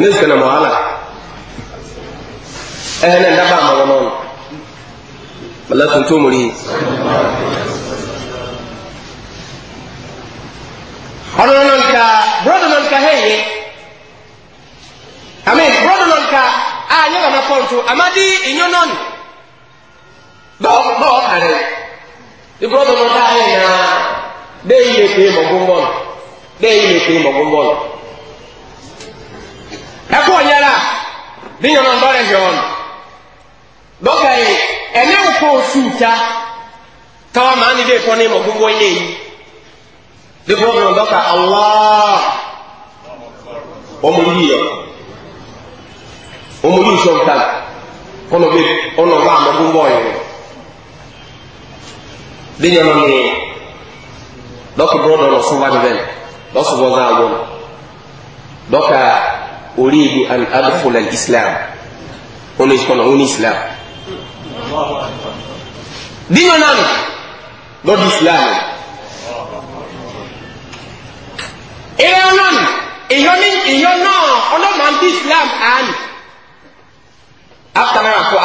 ní sẹ́nà mọ̀hálà ẹ̀ ní dábàá mọ̀wọ́ náà mọ̀lẹ́kùn tó mọ̀rí. ọ̀dọ̀ náà nǹka bùrọ̀dọ̀ náà nǹka hẹ́yẹ. Amen. Brother nɔ nka a nyɛ nana pɔntu ama di enyo nɔni bɔn bɔn ɔkari di brɔdɔ nɔ nka ayɛ nyaa de yi le pe mɔ gbɔngbɔn de yi le pe mɔ gbɔngbɔn ɛkɔ nyɛra bi nyɔnɔ dɔrɛ hɛn dɔkɛ yi ɛnɛ wofɔ suuta tawa maa ni de kɔ ne mɔ gbɔngbɔn yɛ yi di brɔdɔ nɔ dɔkɛ allah wɔn mu yɛ omori nsọmta ọnọ bẹ ọnọ bá amadu bọ yẹn bẹnyẹ nọ ní dọkì bọdọ lọ sọ wájú bẹẹ lọsọ bọ náà wọn dọkà orí ibu and adufola islam ọnọ ìsọkọ náà ọnọ islam bẹnyẹ náà nọ lọdọ islam ẹ ẹ náà ìyọ náà ọlọmọ àti islam àná.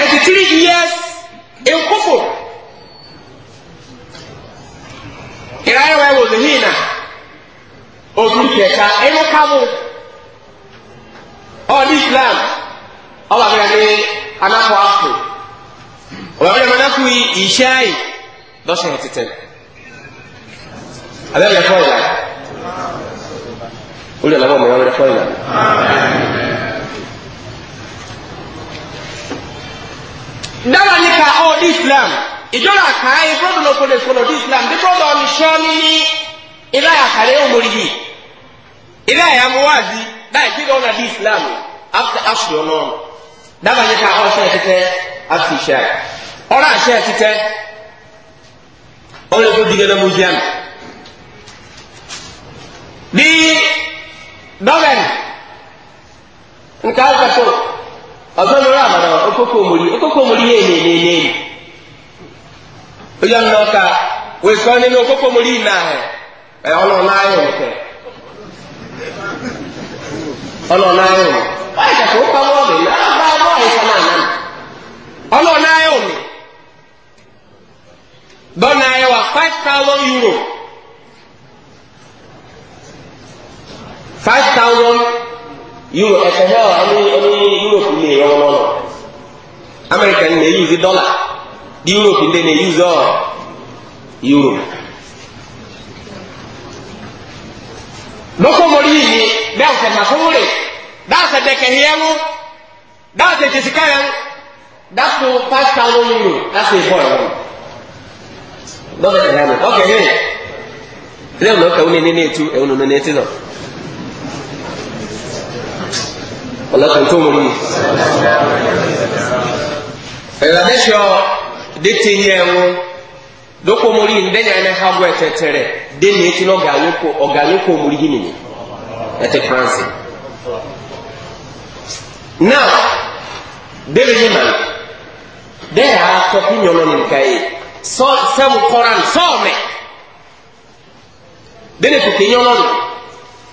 ninety three years in kufur ìráyà wà wò lóhìn náà ogun kẹta ẹnu kábò ọdún islam ọba abẹ́rẹ́ ní anáfọ afọ ọba abẹ́rẹ́ anáfọ ìṣe àyè lọ́sẹ̀ títẹ̀ abẹ́rẹ́ fọ́ ìlànà olùdàlámọ̀ mọ̀ ọ́n rẹ̀ fọ́ ìlànà. dára ní ka ọ́ oh, di islam ìjọba àkàáyé brọ́dọ̀ lọ́kọ́ lè fọlọ́ di islam bí brọ́dọ̀ ọ̀nì sọ́ọ́ni ní ilé àkàlẹ́ òmòrì yìí ilé àyà mú wá di báyìí bí lọ́nà di islam aṣọ ọ̀nà dára ní ka ọ́ ṣe ẹ̀tẹ́tẹ́ afi iṣẹ́ rẹ̀ àṣẹ ẹ̀tẹ́tẹ́ ọ̀rẹ́ tó digẹ́ lọ́mú jẹ́ bí dọ́bẹ̀rì nǹkan á ọzọlọrọ àmàlà okoko omori okoko omori yẹ èlé èlé èlé èlé oyè ọ̀nà ọ̀ka wò sọ nínú okoko omori yìí náà ẹ̀ ọ̀nà ọ̀nà ayé ọ̀kẹ́ ọ̀nà ọ̀nà ayé ọ̀nà báyìí kàkó ó pa wọ́ọ̀mì náà bá wọ́ọ̀mì sọ́nà àná ọ̀nà ọ̀nà ayé ọ̀nà dọ́nà ayé wa five thousand euro five thousand euro ẹ̀sẹ̀ náà ọ̀nà ọ̀nà europe lè yọ wọn lọ amẹrika ní èyí ìsí dọ́là di europe ní use ìsí ọ euro. lọ́kọ̀ mọ̀rí yìí bẹ́ẹ̀ sẹ̀ nà sọ́wọ́rẹ̀ dáa sẹ̀ dẹ̀kẹ̀ hiẹ́ wọn dáa sẹ̀ tẹ̀síkà yẹn dáa tó five thousand euro dáa sẹ̀ bọ̀ ẹ̀ wọn dɔbɛ ɛlɛ mi ɔkɛ hɛ lɛ ɔmɛ ɔkɛ wuli ni n'etu ɛwunu ni ọlọ́sùn tó mú mi. ẹ̀rọ̀dẹ́sọ̀ dẹ́tẹ̀ yẹ ẹ̀wọ̀n dókò mórí ndẹ́nyà ẹ̀nẹ́ ha bọ́ ẹ̀tẹ̀tẹ̀rẹ̀ dẹ́nu etí ní ọ̀gá lóko mórí yìí nìyí ẹ̀tẹ̀ france. now dẹ́nu yìí mà dẹ́yà atọ́kù nyọ́nà nìkan yìí sọ sẹ́mu kọ́ra sọ́ọ̀mẹ̀ dẹ́nu tètè nyọ́nà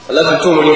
ọlọ́sùn tó mú mi.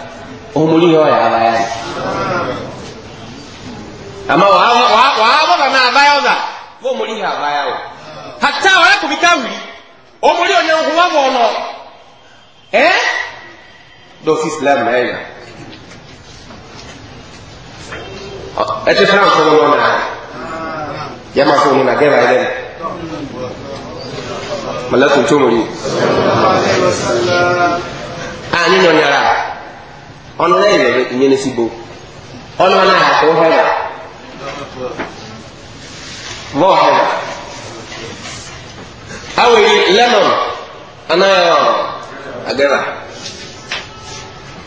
omuli yo yaabaya ama waabo bana abayoza bomuli yabayawo hatta wala kubikawiri omuli onyankuba bono eh dosi islam naena ete franco bonona jama ko muna geba ile malatu tumuli ani nonyara ọ̀nà náà yẹ ìyẹn ní síbo ọ̀nà náà yà tó hẹ́rà bọ́ hẹ́rà awèrè lẹ́mọ̀n anáyọ̀ agẹ́rà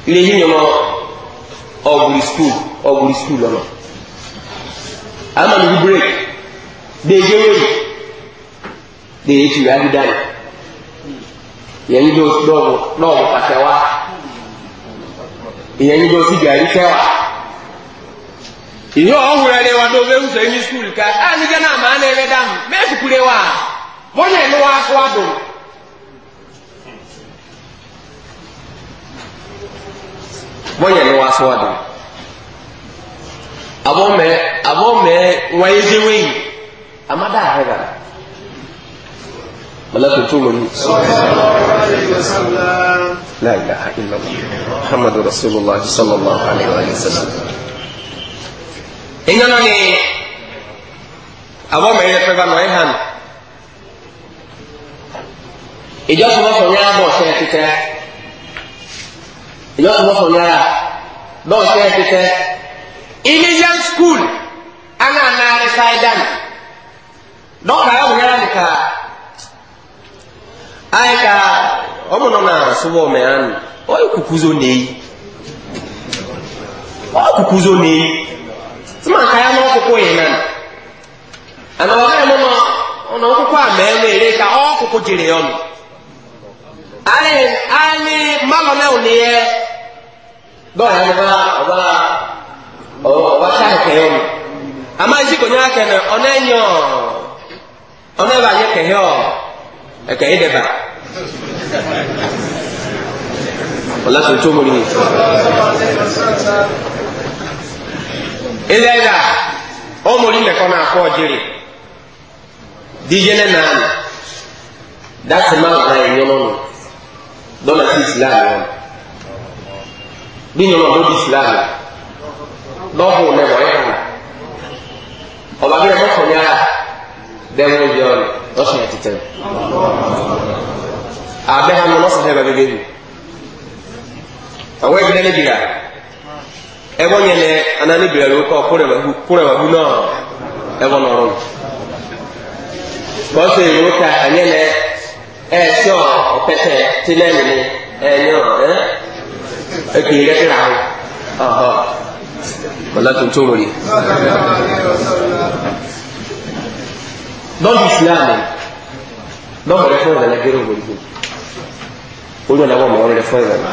ilé yìí nyọmọ ọ̀gbùrì skul ọ̀gbùrì skul lọ́nà amàlùkù break dèjé wéyì dèjé tìrì adídáyì yẹn ní dọ́ọ̀bù ìyẹn yín lọ sí gàrí kẹwà ìyẹn ọ̀hún ẹni wa ní ọbẹ̀ wùsọ̀ ẹni skul ká á ní jẹ́ màá ní ẹlẹ́dá mi mẹ́sì kúrẹ́ wa wọ́n yẹn ní wàá sọ́ àdùn. wọ́n yẹn ní لا إله إلا الله محمد رسول الله صلى الله عليه وسلم إننا ني أبو ما يفعل ما يهان إجا سما سميا بو سيكتا إجا سما سميا بو سيكتا إليان سكول أنا أنا رسايدان دوك أنا أبو أيكا ọmọ nọ na sụwa omeanụ anụ na-eyi na-eyi tụma nka ya na ana ọ gaghị mụnọ ọkụkụ a mee ka ọkụkụ jiri ya ọnụ anyị anyị mmanụ na dọọ ya na ọ na-enye ọ na ọ ọ̀lá tó tó mú ní ilẹ̀ ẹ̀yà ọmọ orí mẹ́kọ́ náà kọ́ ọ̀jẹ̀rẹ̀ díjẹ́ náà nà ní máa gba ẹ̀yọ́ lọ́nà lọ́nà sí islam wọn bí nyọ̀nà lóbi islam lọ́hùn lẹ́wọ̀ ẹ̀ hàn ọ̀bàbí ẹ̀ mọ́kànlá bẹ́ẹ̀ lọ́sùn ẹ̀ abeha eh, eh, eh, no nɔsɛ sɛ babɛbɛ e awɔ ebina ne bira ɛbɔ nyɛ nɛ ana ne bira lɛ nɔ ɛbɔ nɔrɔ bɔsɛ ka anyɛ nɛ ɛɛsɛ ɔpɛtɛ ti nɛ nini ɛɛnyɛ ɛ ekiri kɛtɛ la ɔhɔ wala tuntun mo di silamu fɛn olúwa náà wọ́n mọ̀ ọ́rẹ́ fún ẹ̀rọ.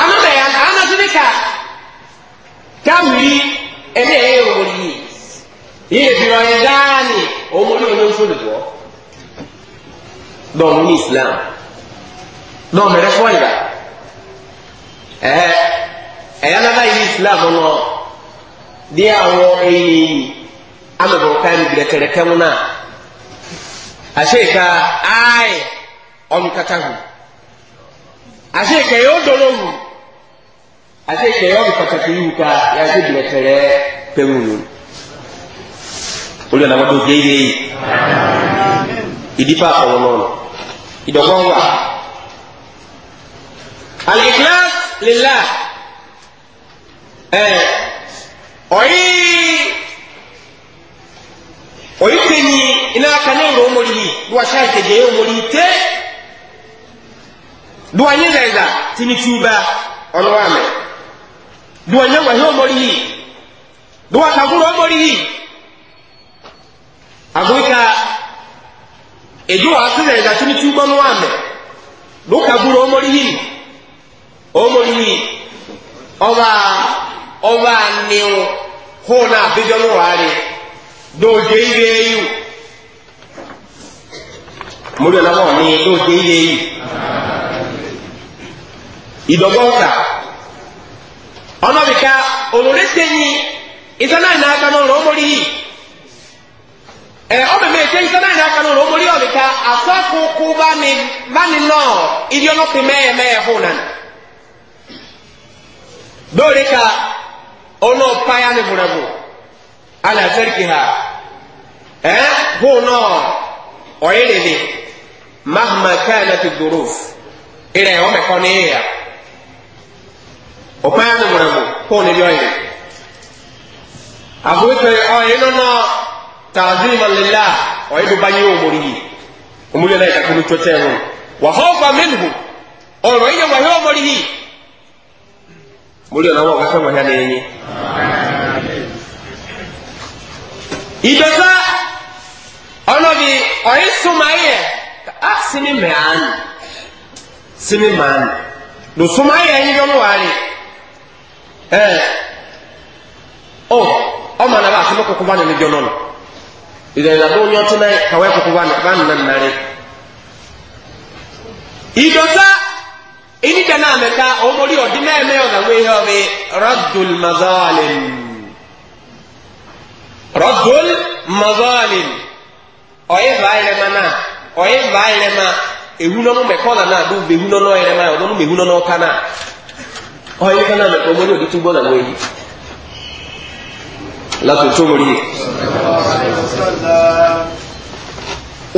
àmì bẹ̀yà àmì síbi ká káwìrì ẹ̀mí ẹ̀yẹ òwòrì yìí yìí fi wọn dáàni òun olú olú fún olùdó dọ̀ọ̀mù ní islam dọ̀ọ̀mù rẹ fún ẹ̀rọ ẹ̀yà náà báyìí islam náà dé àwọn ẹ̀yìn ama bɔ kaa mi bila tɛrɛ kɛm na ase ka aayi ɔmu kata hu ase ka yɛ ɔdɔlɔ hu ase ka yɛ ɔmu pataki hu ka yase bila tɛrɛ kɛm hu olu yɛn na wɔtɔ yeye yi idi pa ɔwɔ nɔnɔ idɔgbɔn wa alikilas lila ɛɛ ɔyii. oyikenyi inakanenga omuli lwashaikejeyo omuli te lwanyireza tinicuba onwame lwanyangwahi lwakagula omuli agwika ejuwasireza tinicuba onwame lukagula omuli omuli oba oba niu hona bijonowali dóòjé ilé yìí múlò lọ́wọ́ ní dóòjé ilé yìí ìdọ̀gbọ́nta ọlọ́bìka òrùlé sẹ́yìn ìsáná ìná akanú ọ̀rọ̀ mórí yìí ẹ ọmọ mi ṣe ìsáná ìná akanú ọ̀rọ̀ mórí ọ̀bìka asọ́kùnkùn bá mi bá mi lọ ìdí ọlọ́pì mẹ́ẹ̀mẹ́ẹ̀ hù nà dóòrè ka ọlọ́ọ̀páyà ni bùrẹ̀bùrẹ̀ ala tarkiha eh huno oyelele mahma kanat ad-duruf ila yawma koniya opana muramu hone yoyele abuto oyino no ta'zima lillah oyidu bayi omuri omuri na itakunu chochero wa khawfa minhu oro yeye wa yomuri muri na wa kasema yani yenyewe ìdọ́sá ọlọ́bi ọ̀yìn súnmáyẹ̀ á sinmi mẹ́àánì sinmi mẹ́àánì lò súnmáyẹ̀ yín yọ́nú wà rí ẹ̀ ọ ọmọ náà bá a sọ kókó bá nínú jọ náà ìdẹ̀rẹ̀ àbó yọ tó náà kàwé kókó bá nínú náà rí ìdọ́sá ìdíjà náà mẹ́ta ọmọdé ọ̀dínmẹ́ẹ̀mẹ́ ọ̀dàwé yọ̀ mi rádùn rọ́dùn mọ́zọ́ọ̀lìn ọ̀yẹ́ báyìí ma náà ọ̀yẹ́ báyìí ma ewu nọ́nù mẹ́kọ́lá náà dùn ewu nọ́nù ọ̀yẹ́ ma ọ̀nọ́nù ewu nọ́nù ọ̀ka náà ọ̀yẹ́ ká náà mẹ́kọ́ mọ́ni òdi túbọ̀ náà wọ́n yìí látò tó wọ́n yìí.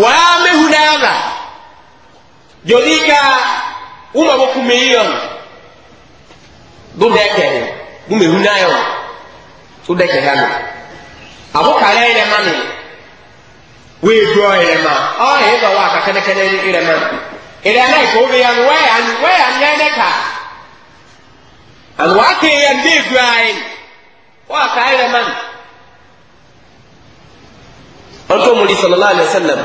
wàá mehu náà rà jòdì ká wọ́n mọ̀ kú mẹ́yìí yọ̀ dùn dẹ́kẹ̀ dùn mehu náà yọ̀ dùn abokare ayɛ dɛma ne weedu ɔyɛ dɛma ɔyɛ ɛdɔ wɔ aka kɛnɛkɛnɛ ne ɛdɛ ma ɛdɛ ma ɛkɔ obe ya no wɔyɛ an wɔyɛ an yɛn dɛ ka an wɔaka yɛ an deedu ayɛ wɔ aka ayɛ dɛma ne ɔtɔ mu di sɔlɔlɔ alɛ sɛlɛm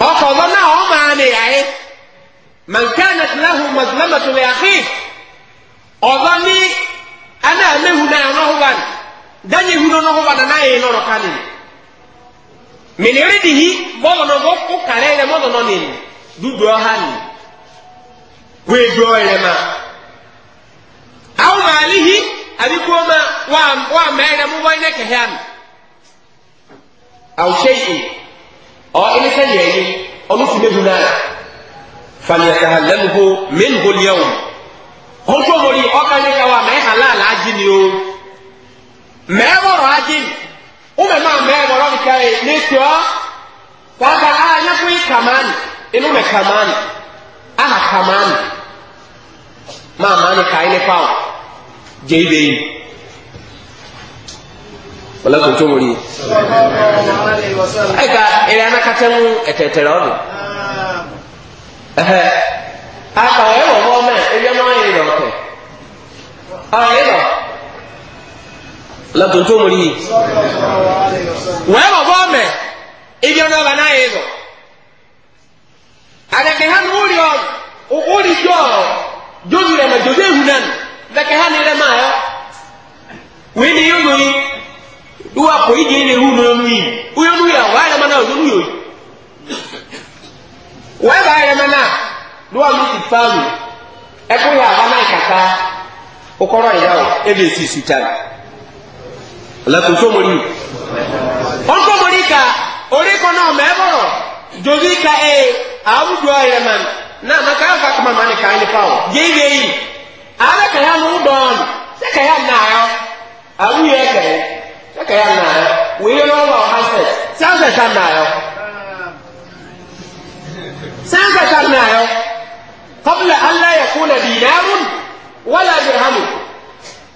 ɔkɔ ɔbɛ na ɔmaa ne yɛ ayɛ man kanat lahu mazlamatu li akhi ɔbɛ ni ana amehu na ɔno ho ba ne danye huno no hobada naye noro kanini min iridihi bomo no gokku karere modo no nini dudo hani we doire ma aw malihi abi koma wa wa mere mu boyne ke han aw shay'in o ini kan yeyi o mu tibe dunara falyatahallalhu minhu al hoto mori o kan ka wa mai halal ajini o mɛɛbɔrɔ adi ume maa mɛɛbɔrɔ bi kɛyi n'etiɔ kɔɔka a nyɛfo yi kamani inu mɛ aha kaman maa maa ni kaayi ahụ paw jeyi beyi wala kun tó wuli. ayi ka ɛrɛ a ka ɔyɛ wɔ látòntó mọ̀rí yìí wẹ́ẹ́ bọ̀ bọ́ mẹ́ ibi ọ̀nà ọ̀bà náà yẹ zọ àdàkẹ́ hàn wúri ọ̀ wúri jọ jọ́sù rẹ̀ mà jọ́sù ehu náà dàkẹ́ hàn rẹ̀ mà yọ wíì ni yóò lóyún wíwá kò yìí jẹ́ ehu náà nù yìí wíwá nù yà wáyà rẹ̀ mà náà ọ̀dọ́ nù yòó wẹ́ẹ́ bá yẹ mẹ́ náà lọ́wọ́ mi ti fáwọn ẹ̀kọ́ yà wá náà kàkà ọkọ̀rọ̀ ìyá ọ̀ ẹ̀ bẹ̀ sì lẹ́kùn tó mọ̀rí wọ́n kọ́ mọ̀rí ka oríkọ náà mẹ́bọ̀rọ̀ jòzí ka ẹ e, àwùjọ ẹ̀rẹ̀ mọ̀ náà mọ̀ ká fà kọ́mọ̀ mọ̀ ní ká ní fáwọ̀ jéèrè yìí ààrẹ kẹ̀yà ló ń dọ̀ọ̀nù sẹ́ kẹ̀yà nàá àwùjọ ẹ̀ kẹ̀yà sẹ́ kẹ̀yà nàá wòye lọ́wọ́ ọ̀hásẹ̀ sáńsẹ̀ sá nàá sáńsẹ̀ sá nàá kọ́bùlẹ̀ aláyẹ̀kú lẹ̀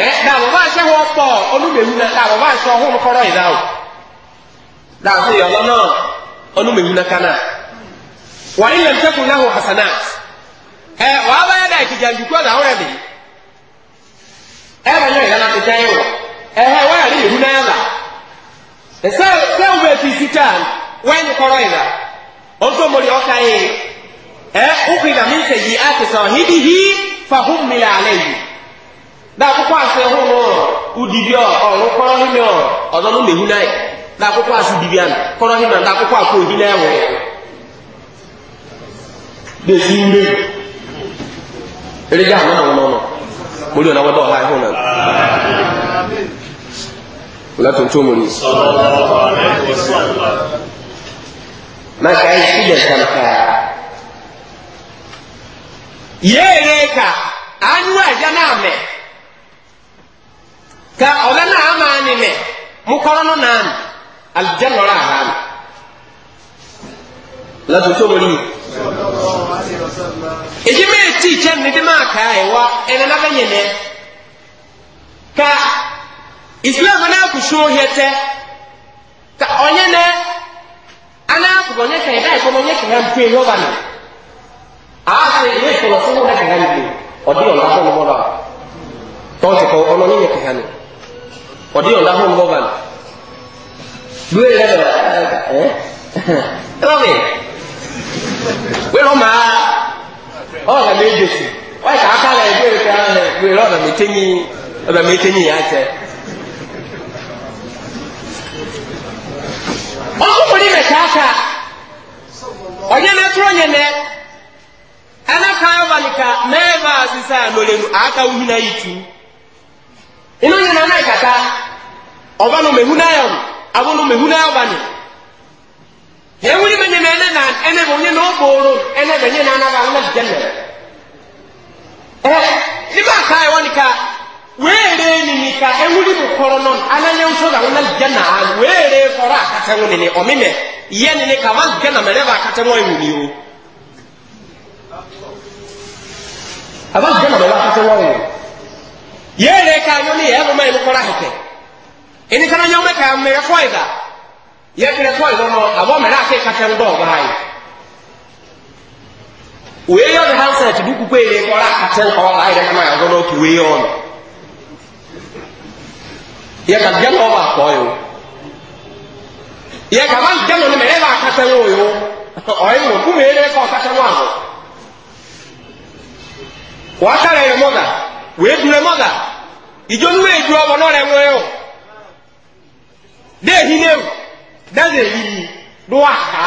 Eh, na dàbọ̀ bá ṣe wọ́n pọ̀ olúmẹ̀wù náà dàbọ̀ bá ṣe ọ̀hún kọ́rọ̀ ìdá o dàbọ̀ yọ lọ́nà olúmẹ̀wù náà kánà wọ́n ilẹ̀ ntẹ́kùn náà wọ́n hasanat ẹ wọ́n á báyà dà ìkìjà ìdìkú ọ̀dà ọ̀rẹ́ mi ẹ bẹ̀ yọ ìyára ti dẹ́yìn wọ̀ ẹ hẹ wọ́n ìlú náà là wọ́n akwụkwọ asị hụ n'ụlọ udidi ọrụ kpọrọ hime ọzọ n'ụlọ na naị na akwụkwọ asị dibia kpọrọ hime na akwụkwọ akụ ohi na-enwe desi ure erega ahụ na ọnụnọ mori ọ na webe ọha ịhụ na látò tó mori na nke anyị sị dẹ̀ka nka yéèrè ka anyụ àjá na amị. ka ọbẹ náà máa ní mẹ mú kọrọ nù náà ní alìjẹnà rà rà ní. lọ́dún tó wọlé mi. èyí mi ti jẹ́ nídìí máa kà á ẹ̀wá ẹ̀rẹ́ náà bẹ́yẹn nẹ. ka islam náà kù sún ohe tẹ ka ọ̀nyẹ́ nẹ anáàkùbọ̀ ọ̀nyẹ́ kẹ̀yẹ́ dáì kọ́ ọ̀nyẹ́ kẹ̀yẹ́ mpé yọ̀bà nà. àá sè é ìwé ìfọwọ́sowó náà kẹ̀yẹ́ nìyí ọ̀dí ọ̀nà àbọ̀nùmọ́ra tọ́sí kọ́ ọ̀nà oníyẹ kẹ̀yẹ́ nìyí ọdí ọ̀dá fún bọ́ bàlù gbé rẹ̀ lọ ẹ́ ẹ bá mi wé lọ́ máa ọ̀rọ̀ mi dè sí wáyé kà á ká lẹ̀ gbé rẹ̀ ká lẹ̀ gbé rẹ̀ ọ̀rọ̀ mi tẹ́yìn ọ̀rọ̀ mi tẹ́yìn yà jẹ́. ọkùnrin mẹ̀ káàkà ọ̀nyẹ́ náà tó ọ̀nyẹ́ nẹ́ ẹnẹ́ káyọ̀ balùkà mẹ́ẹ̀bà sísá lọ́lẹ́nu àáká wúhìn náà yìí tù. inu nyi na anayi kaka ọba mehu na ya abo no mehu na ya ọba ni ewuli menye na ene na ene onye na ọ bụrụ ene bụ na anaghị ahụ na jide mere ee eh, ibe aka ya wani ka wee ree ni ka ewuli bụ kọrọ nọ ananya nso na ahụ na jide na ahụ wee ree kọrọ akata nwụ nini ọmịmị ihe nini ka ma jide na mere bụ akata nwụ ewu n'iwu aba jide na mere akata nwụ ewu yele ka ni yebo eh, mai mukora heke ini kana nyome ka me foida yekile foida no abo me rake ka ke ndo bai we yo de hansa ti duku pe le kora ka ten ko la ire kana yo no ki we yo ye ka je no ba ko yo ye ka ban je no me ba ka ten yo yo o mo ku me le ko ka ten wa ko wa ka le mo da we dure mo da ìjọ nínú èdè ọmọ náà rẹ̀ wọ́n yóò déèhì ní ewu dáze yìí ló wà ká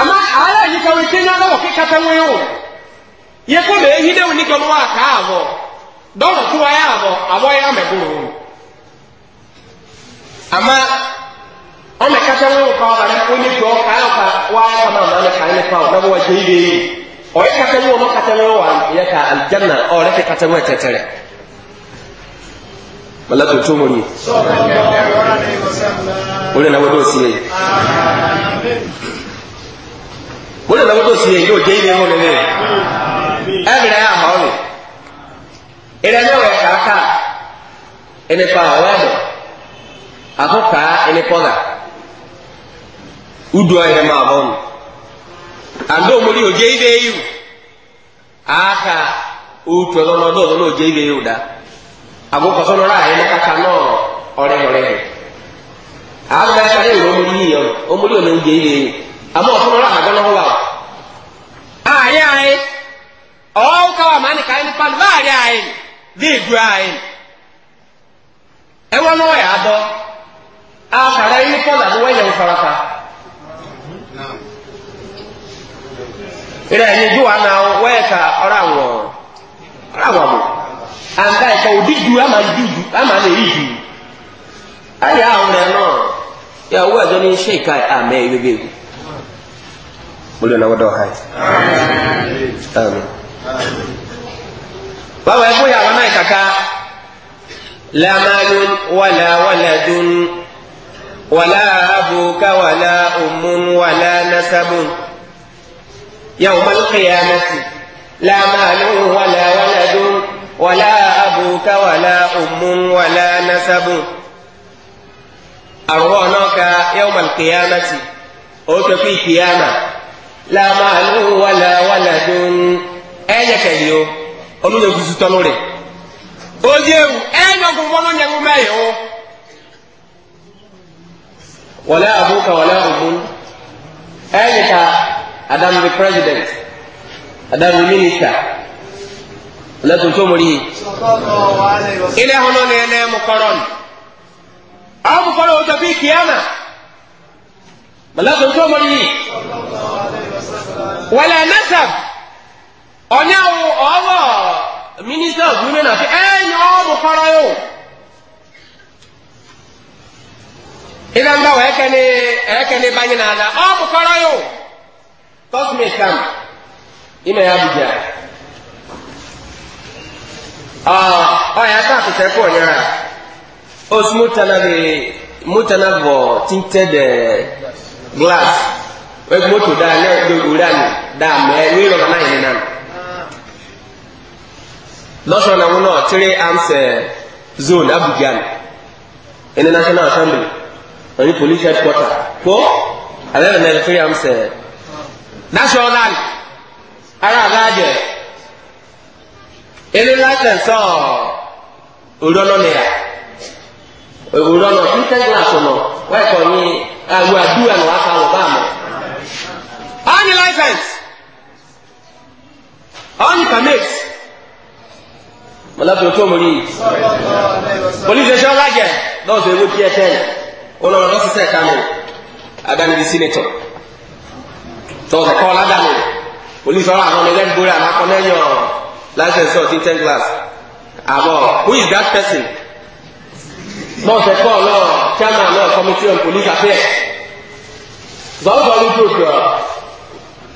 àmọ́ àárẹ̀ yìí kan wípé ní aláwọ̀ kíkà tẹ́ wọ́n yóò yẹ kó lè éhì déwù nígbà wọn wà ká àbọ̀ dọ́wọ̀ tó wáyé àbọ̀ àbọ̀ yẹ amẹ̀gbọ̀n òun àmọ́ ọmọ ìkàtà wọn kọ́ ọ̀rẹ́ onígbọ̀ káyọ̀ ká wá kàmá ọ̀nà ní kàyẹ́ nípa ọ̀nà wọn jẹ́ ilé yìí ɔyɛ kata yi wɔn kata yi wɔn yɛ ka aljanna ɔrɛ kɛ kata yi wɔn tɛtɛrɛ wala tó tó mori o de na wodó si ye o de na wodó si ye yóò jẹ ilé wọn lé ẹ bẹrẹ yà hàn mi ìrẹ ní ọyọ kàkà ẹni fa ọwọ ẹdọ àkókò ẹni kọlà udu ọyẹrẹ máa bọ mi ando omuli oje ibe eyu aka otu ọlọrọ ọdọ ọdọ oje ibe eyu da agụkọ sọlọ ra ahịa n'aka nọ ọrịa ọrịa agụkọ sọlọ ewu omuli yi ọ omuli ọ na oje ibe eyu ama ọsọlọ ra ahịa n'ọhụrụ ahụ ahịa anyị ọwụka wa ma nịka anyị pan baarị anyị dị egwu anyị ẹwọ n'ọya adọ akara ịnụ pọla n'ụwa ya nfarata. rẹ̀ ní ojú wa náà wẹ́ẹ̀ka ọ̀rọ̀ àǹkà ìkọ̀ òdìjú àmà ìdíjú ayé àwọn rẹ̀ náà yà owó ẹ̀jọ́ ní iṣẹ́ ìka àmẹ́ ìgbégbé ewu mo lè náwó dọ̀ha yìí báwo ẹ bóyá àwọn náà kàkà lámàlú wàlà wàlà dùn wàlà àbùkà òmùn يوم القيامة لا مال ولا ولد ولا أبوك ولا أم ولا نسب أرونك يوم القيامة أوت في قيامة لا مال ولا ولد أين كيو أم يفوز تنوري أوديو أين أقوم يوم يوم ولا أبوك ولا أم أين adamu the president adamu minister ọlọ́tún tó mọ̀rí ilé ọ̀nà ni ẹnẹ́ mọ̀kọ́rọ̀ ni àwọn mọ̀kọ́rọ̀ ó tọ́bí kìíyàmà ọlọ́tún tó mọ̀rí wàlẹ̀ nẹ́sà ọ̀ní àwọn ọwọ́ minister of women affairs ẹ̀yìn ọwọ́ mọ̀kọ́rọ̀ yóò ilé ń bá wọ̀ ẹ́kẹ́ ní báyìí náà ọwọ́ mọ̀kọ́rọ̀ yóò cosmic camp ime ya abuja ọ ya aka akụkọ ekwe onyere osu mutana bụ tinted eh, glass wee moto da ne dogura ni da mee wee rọrọ na ihe na lọsọ na nwụnọ tiri arms eh, zone abuja international assembly onye police headquarter ko alẹ́ na ẹ̀fẹ́ arms eh, national ara àgbàjẹ ilé láìsẹ̀nsọ̀ òrọ́nọ́nìyà òrọ́nọ́ two ten glass ọ̀nà wẹ́ẹ̀kọ̀ ní àwọn àdúrà ní wàá fáwọn bá mọ̀. all the license all the permit mọ̀lábìrì tó mọ̀rí police station lájẹ̀ lọ́sọ̀ ewé pfn olórí ọlọ́sísẹ̀ kánò agbanibi senator tọ́sọ̀ kọ́ ládàmú onífẹ́ràn àwọn ọmọ ẹlẹ́nu borí àmàkọ́ lẹ́yìn ọ̀rọ̀ license ọ̀tí ten class. àmọ́ who is that person lọ́sẹ̀ kọ́ lọ́ọ̀ chairman lọ́ọ̀ committee on police affairs zọ́ọ̀zọ́ ló tó tó ọ́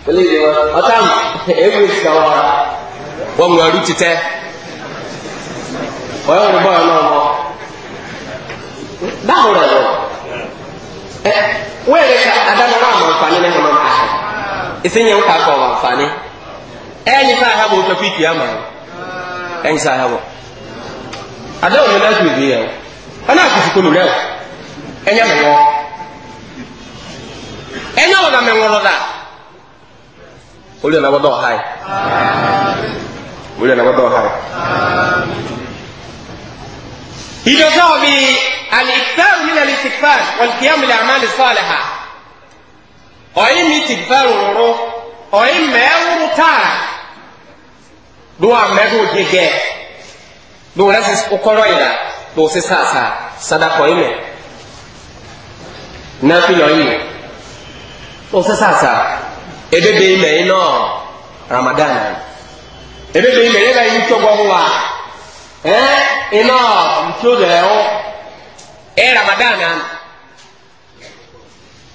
pẹ̀lú ìdíwọ́ ọ̀tá èmi ò sọ ọ́ wọ́n mú ẹrú títẹ́ ọ̀yọ́ òrùbọ̀ ẹ̀ náà mọ́ dáhùn rẹ̀ lọ ẹ̀ wọ́n èrè ká adáná náà mọ̀ nípa nílẹ̀ ẹ̀ isin yau ka kawo amfani ɗayan yi sa habo ta fi kiyama ɗayan yi sa habo a da wani lafi zai yau ana kusa kulu rew ɗayan yana yau ɗayan yana da mai wani da olè na wọ́dọ̀ ha olè na wọ́dọ̀ ha ìjọsọ́ bíi alìsẹ́ òmìnira lè ti fà wọ́n kìí àmì lè àmà lè sọ́ ha ɔyi mi ti fɛ roro ɔyi mɛwuru taa do a mɛdo gɛgɛ do rɛ sisi kɔkɔrɔ yi la do si saasa sadakɔ yi mɛ nafi lɔ yi mɛ do si saasa ebebe yi mɛ yi nɔ ramadan ebebe yi mɛ yi la yi tɔgbɔ ho wa ɛɛ yi nɔ ntso dɛ o ɛ ramadan na.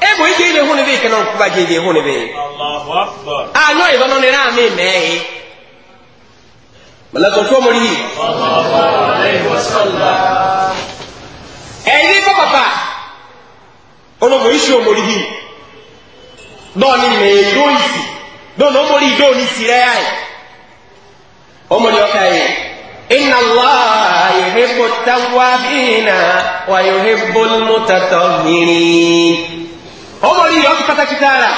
ebo ije ile hu ni bi kana kuba je ile hu ni bi Allahu akbar anyo iba no ni ra mi me yi mala to to mo ri Allahu alaihi wasallam eyi ko papa ono mo isu mo isi do no mo ri do ni si re ai omo ni o kai إن الله يحب التوابين ويحب المتطهرين ọmọ rí yọtú pátákìtà rà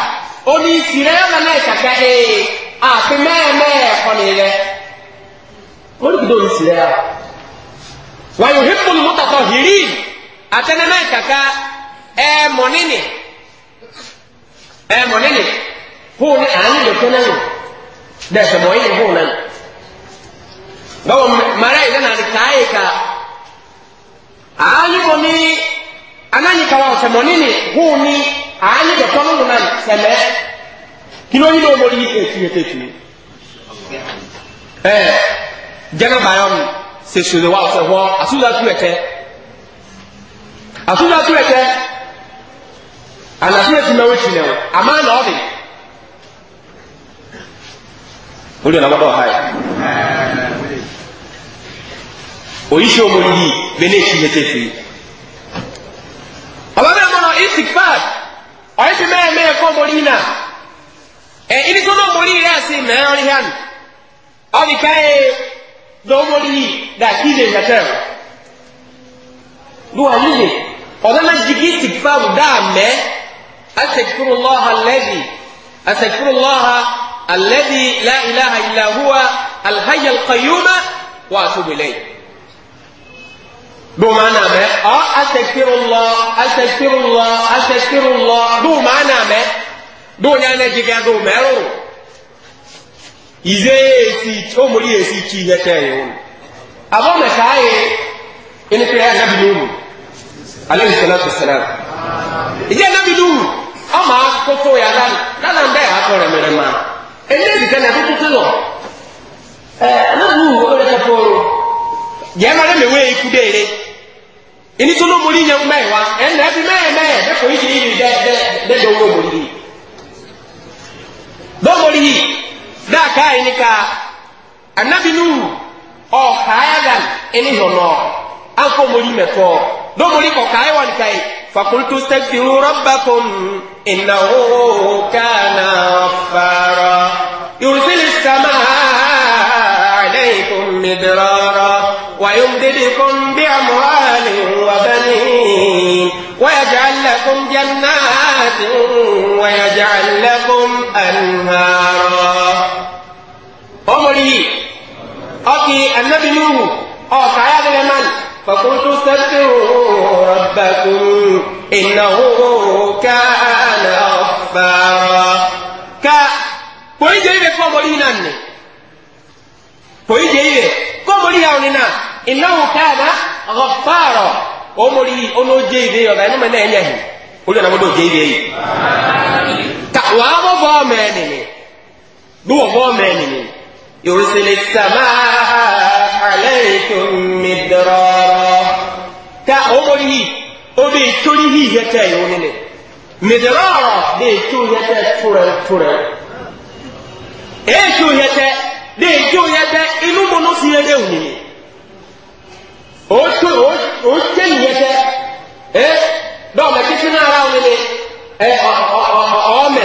ó ní ìsìlẹ̀ yọ̀nà náà ìkàkà ee àti mẹ́ẹ̀mẹ́ẹ̀ ẹ̀kọ́ ni rẹ̀ wọ́n dùdú òní ìsìlẹ̀ yà wọ́n yóò hípò ní mọ́tàkọ́ hìrì àtẹnẹ́ náà ìkàkà ẹ̀ mọ̀ nínì ẹ̀ mọ̀ nínì fún ní àárín lòtọ́ náà dẹ̀sẹ̀ mọ̀ yìí fún náà báwo mara ìlànà àdìkà ayika àárín mọ̀ ní anáyíkà wa ọ̀sẹ̀ mọ̀ nínì fún ní àánì kẹ̀kọ́ ló nà sẹ̀lẹ̀ kí ló yí ló mọ̀ yí ètùyẹ tètùyẹ. ẹ jẹ́nàbà yọ̀ mi ṣe ṣòro wa ọ̀sẹ̀ wọ àtúndàtú ẹ̀kẹ́ àtúndàtú ẹ̀kẹ́ ànàtú ẹ̀tù mẹ́wọ́ ìtì nẹ̀ wọ̀ àmà nà o olú yẹn o ọ̀ha yẹ. oyíṣẹ́ ọmọ yìí bẹ́ẹ̀ ní ètùyẹ tètùyẹ. ọ̀bá bẹ́ẹ̀ mọ̀ náà ọ̀yẹ́ ti mẹ́rin mẹ́rin kọ́ mọ́rí náà ẹ̀ ibi tó náà mọ́rí rẹ̀ sí mẹ́rin rí hàn ọ̀bì káyé lọ́wọ́ mọ́rí dàkílẹ̀ ìyàtẹ̀ rẹ̀ lùwà nílé ọ̀dọ́ náà jìgì ti fa àbùdá àmẹ́ asèkúrò lọ́ha lẹ́bi asèkúrò lọ́ha alẹ́bi láìláha ìlàhùwà alhayal wà á tó gbélé dùn máa nà mẹ́ ọ́ asẹ̀kírùlọ́ asẹ̀kírùlọ́ asẹ̀kírùlọ́ dùn máa nà mẹ́ dùn yà nà jìgà dùn mẹ́rù ìzé èsì ó mú rí èsì kí ihe tẹ́ yìí wọn. àbọ̀ mẹ́ta ayé ẹni pé ẹ̀ nàbì lóhùn aleyhi salatu salam ìjẹ́ nàbì lóhùn ọmọ akókó yà lánà lánà ń bẹ́ akọ rẹ̀ mẹ́rẹ̀ máa ẹni èdè tẹ́lẹ̀ tó tó tó lọ ẹ̀ ẹ̀ lóhùn ó lè fọ́ yẹma ne mewe iku deere ini tó ló mori yẹn mẹ wa ẹnna ẹbi mẹ mẹ bẹ kò yìí yìí dẹ dẹ dẹ dẹ wo mori yìí dọ mori yìí dá ká yìí ni ká anabi nu ọ káyà gan ẹni yọ nọ akọ mori mẹ fọ dọ mori kọ káyà wà ní ká yìí fakultu sẹfiru rabakum ìnáwó kánà fara yorùsílì sàmà àlẹ́ ìkùn mìdíràn. ويمددكم بأموال وبنين ويجعل لكم جنات ويجعل لكم أنهارا أمري أكي النبي نوح أو سعيد من فقلت استغفروا ربكم إنه كان غفارا كا كوي جيبك أمري ناني كوي جيبك أمري هاوني ìnáwó káàdá ọ̀fààrọ̀ ọmọrí onóje ìdè ọ̀gá ẹni mẹ́lẹ̀ ẹ̀yẹ hì olú ẹ̀nà mọ́tò òjé ìdè yìí. wà á bọ́ bọ́ ọmọ ẹni ni bí wọ́n bọ́ ọmọ ẹni ni yorùsílẹ̀ sàmà alẹ́ ètò mi dọ̀rọ̀ ká ọmọrí yìí obì ìtòrí yìí yẹtẹ̀ yìí wọ́n nílẹ̀ mi dọ̀rọ̀ bí ètò yẹtẹ̀ fúrẹ̀ fúrẹ̀ ètò yẹtẹ̀ bí ètò yẹtẹ̀ inú mọ́nọ́ sí yẹtẹ̀ òní o tẹ nìyẹn tẹ ẹ dọ́ọ̀mẹ kí sinú ara wọn ni ẹ ọ̀ọ́mẹ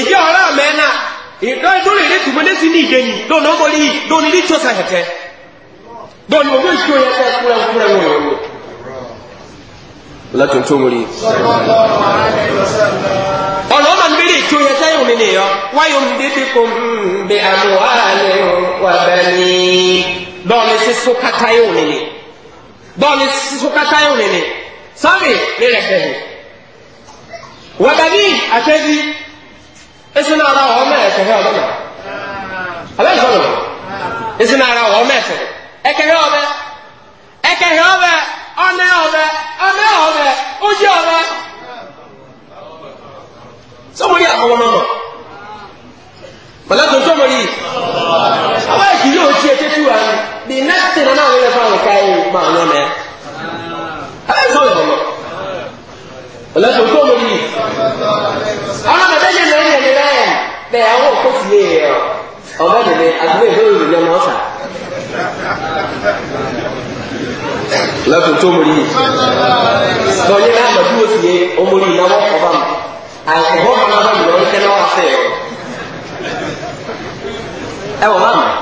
ìjọ ọ̀rọ̀ ọ̀mẹ náà ìdọ́ọ̀dúnrún ìdí tùmọ̀ ní sinú ìdè yìí dọ́ọ̀nù ọmọ yìí dọ́ọ̀nù ní tíọ́sà hẹ̀tẹ́ dọ́ọ̀nù owó ìṣó yẹn tẹ kúrẹ́ kúrẹ́ wọn yòówó. látún tó múri. ọ̀nà ọmọ mi rí ìṣó yẹn sẹ́yìn mi nìyọ wáyé omi dídí kò ń bẹ àmúhálẹ̀ wà bẹ́ẹ̀ ni dọ́ọ̀nù dɔɔni sukata yi wuli sami ne yɛ kɛ wadani akɛzi esi na ara wɔn mɛ ɛkɛhɛ ɔmɛ na alɛ nsɔlɔ esi na ara wɔn mɛ ɛsɛ ɛkɛhɛ ɔmɛ ɛkɛhɛ ɔmɛ ɔnɛ ɔmɛ ɔnɛ ɔmɛ ɔdzi ɔmɛ sɔmɔli akɔwɔ mɔmɔ mɛlɛ tó sɔmɔli awa ekiri o tiɛ tɛtu wa ni di next thing náà wọ́n yẹ fún àwọn ká yìí máa wọ́n mẹ́. Ayé sọ yọ̀ lọ. Ọlọ́sọ̀ tó lórí yìí. Àwọn bàbá yẹn lórí ẹ̀mí báyẹn bẹ́ẹ̀ àwọn òkú sí lè yẹ ọ̀bẹ dèdè àdúgbò ìlú ìlú ní ọmọ ọ̀sà. Ọlọ́sọ̀ tó lórí yìí. Bọ̀nyé náà bàbá wò sí yé ọmọ yìí náà wọ́n kọ̀ bá mi. Àìsàn bọ́ọ̀lù náà bá mi ẹ wọ mama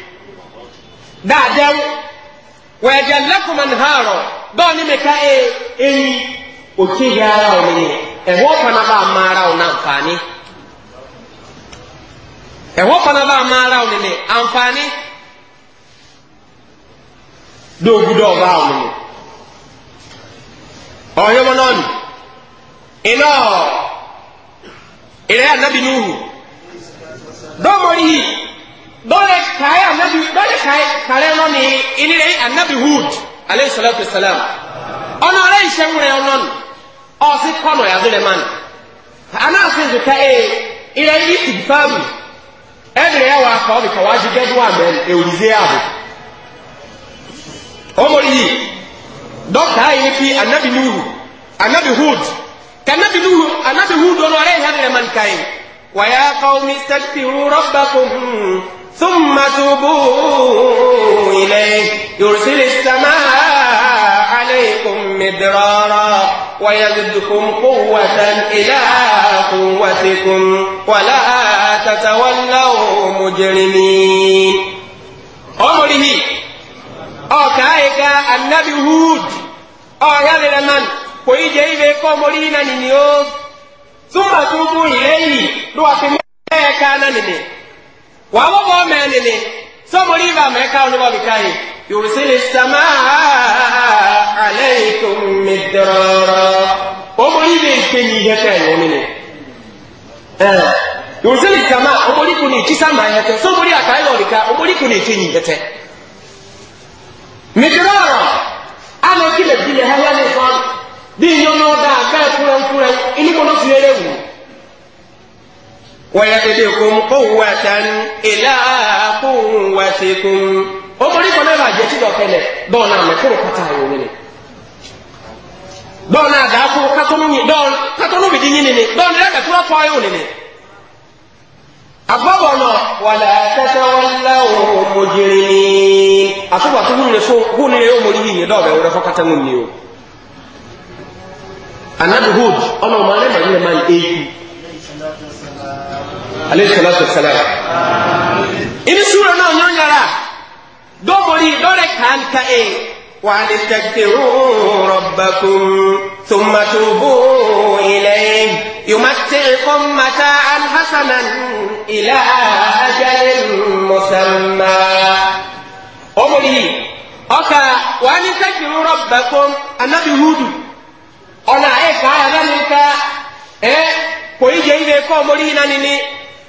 dáadáa wẹ̀ẹ̀dẹ̀ lẹ́kùnmọ̀n hàrọ̀ báwọn ní mẹ́ka ẹ a máa ara wọn àǹfààní ẹ̀họ́ fana bá a máa ara wọn ni àǹfààní dóògùdọ̀ ọba wọn ni ọ̀yọ́ wọn náà nù dole kaya annabi dole kaya kare no ni ini re annabi hud alayhi salatu wassalam ono re shemure onon o si kono ya dole man ana sin zuka e ile istighfaru ebe ya wa ko bi ko waji gedu wa men e urize abu omori dokta yi fi annabi nuhu annabi hud kanabi nuhu annabi hud ono re ya man kai ويا قوم استغفروا ربكم ثم توبوا إليه يرسل السماء عليكم مدرارا ويزدكم قوة إلى قوتكم ولا تتولوا مجرمين أمره أكايك النبي هود أغير من ويجي إليكم مرينا نيوز ثم توبوا إليه لو أكمل كان نيوز wàá wọ́n wọ́n mẹ́ lele sọ́mu rí ibà mẹ́ka oníbọ̀ bí káyé yorùsí ni sàmà alẹ́ ètò mi dọ̀rọ̀ ọmọ yìí lè gbé ní ihe ká ẹ̀yọ́ mi ni yorùsí ni sàmà ọmọ yìí kò ní ìkísà máa yẹ tẹ sọ́mu rí àkàyè lọ́ọ̀dì ká ọmọ yìí kò ní ìkí ní ihe tẹ. mi dọ̀rọ̀ alẹ́ kílẹ̀ kílẹ̀ hẹ́hẹ́ ní fún bí iyọ́nú ọ̀dà àgbẹ̀ kúrẹ́kúrẹ́ inú kò ló fi eré wù. wọ́yẹ̀dẹ̀dẹ̀kùn kówàtàn ilá kówàtẹ̀kùn ó mọ̀ nípa náà bàjẹ́ tí lọ́kẹ́lẹ̀ dọ́ọ̀nà àmẹ́kúrò pátá ayò nínú dọ́ọ̀nà àdáàkúrò kátọ́nùmí dín nínú ni dọ́ọ̀nà àmẹ́kúrò pọ̀ ayò nínú àgbọ̀bọ̀ náà wà látẹ́tẹ́ fún ni alayhi salatu wasalam ini sura náà yọ nyara dọ́mọ̀rí lọ́rẹ̀ kàńkà ẹ̀ wà ní tẹ̀tẹ̀rù rọ̀bàkùn tòmátòbó ilẹ̀ yòmátẹ̀kọ́ mata alhassanan ilà ajáde mùsàmá. ọmọdé ọkà wà ní tẹ̀tẹ̀rù rọ̀bàkùn anabi hudu ọ̀nà ẹ̀ka ẹ̀ lẹ́nu ká ẹ̀ kò í jẹ́ ilé kọ́ ọmọdé yìí náà nínú.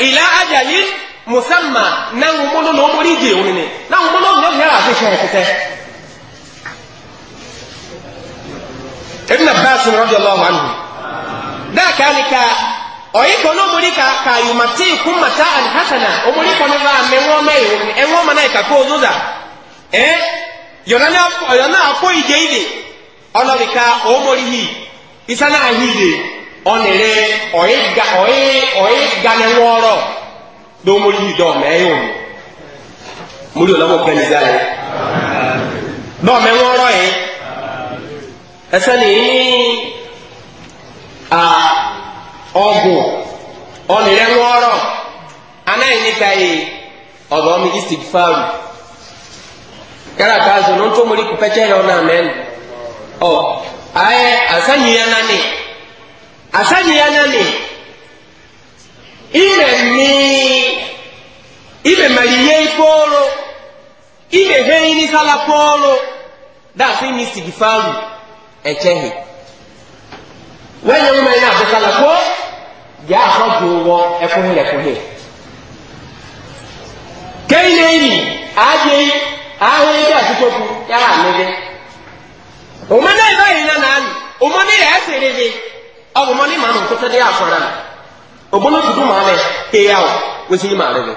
ìlà àjàyí musamman náà wọn mọ́nà ọmọ oríje òun ni náà wọn mọ́nà ọmọ yàrá àfihàn ẹ̀kẹ́kẹ́ ibùnà báṣu rọ́bì ọlọ́wọ́ àná dáàkà ni ká kan náà ka ka yùmá tí hasana màtá àlìhásánà ọmọdé kan náà òun ni ẹ̀wọ́n mọ̀ náà ìkàkọ́ òzúzà ẹ̀ yọ̀nà náà kó ìjẹ́ ìdè ọ̀nẹ̀rẹ̀ ọ̀ẹ́ganẹwọ́rọ̀ ló mú yìí dọ̀ ya na mú lò lọ́wọ́ kẹ́lì sáré dọ̀ mẹ́wọ́rọ̀ yìí ẹsẹ́ ní ọgùn ọgwụ. wọ́rọ̀ anáyìníkà yìí ọ̀dọ́ mi istik fáwù kára káàzọ̀ ló ya na ni. asani ya nani ime mi ime maliye iporo ime heini sala poro that's in istigifaru echehi wenye ume ina besala ko ya hoju wo ekunle kunle keine ini aje ahe ya sikoku ya la nebe umana ibai na nani umana ya serebe awo mɔni maa nù kótó de yà fɔra nù ògbóni tuntun maa lɛ kéya o wosi yi maa lɛ lɛ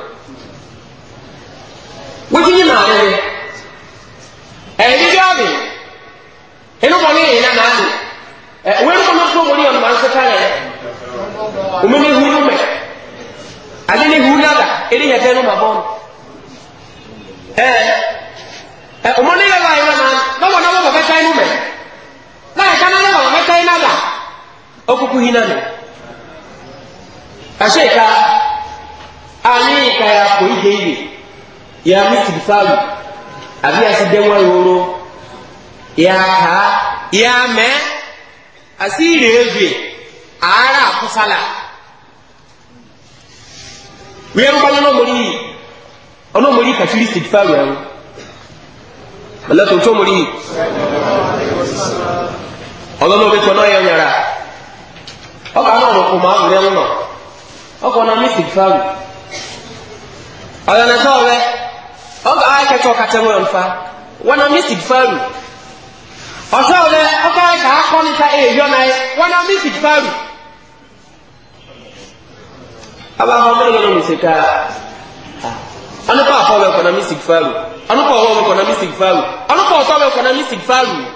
wosi yi maa lɛ lɛ ɛyìn bí ɔbí inú bɔ ní yìí nà nà ni ɛ wéyìn kɔnɔ tó wọlé yẹn màá sèta yẹ omi ní hu mɛ ale ní hu nàdà eré yẹ fẹ́ nu ma bọ́ nù ɛ ɛ òmò ní yẹ bá yẹ nà náà wọ́n bẹ̀ fẹ́ sáyé nu mɛ láyé ká náà lọ́wọ́ bẹ̀ fẹ́ sáyé nàdà. okuku hinani asheka ani kaya ko ide ile ya miti falu abi aside wa yoro ya ha ya me asire evi ara kusala wiye mbalo no muri ono muri ka tiri sti falu ya Allah to to muri Allah ya nyara ọkà náà ló kó máa rẹ lọ́nà ọkọ̀ náà mí Ọ ọ̀yọ̀nà tó ọ̀rẹ́ ọkà akẹ́kọ̀ọ́ kàtẹ́mọ̀ mfa. wọn náà mí sìgfàlù ọ̀sọ́ ọ̀rẹ́ ọkà akẹ́kọ̀ọ́ akọ́ni ká èèyàn náà wọn náà mí sìgfàlù. abáfọ́ mẹ́rin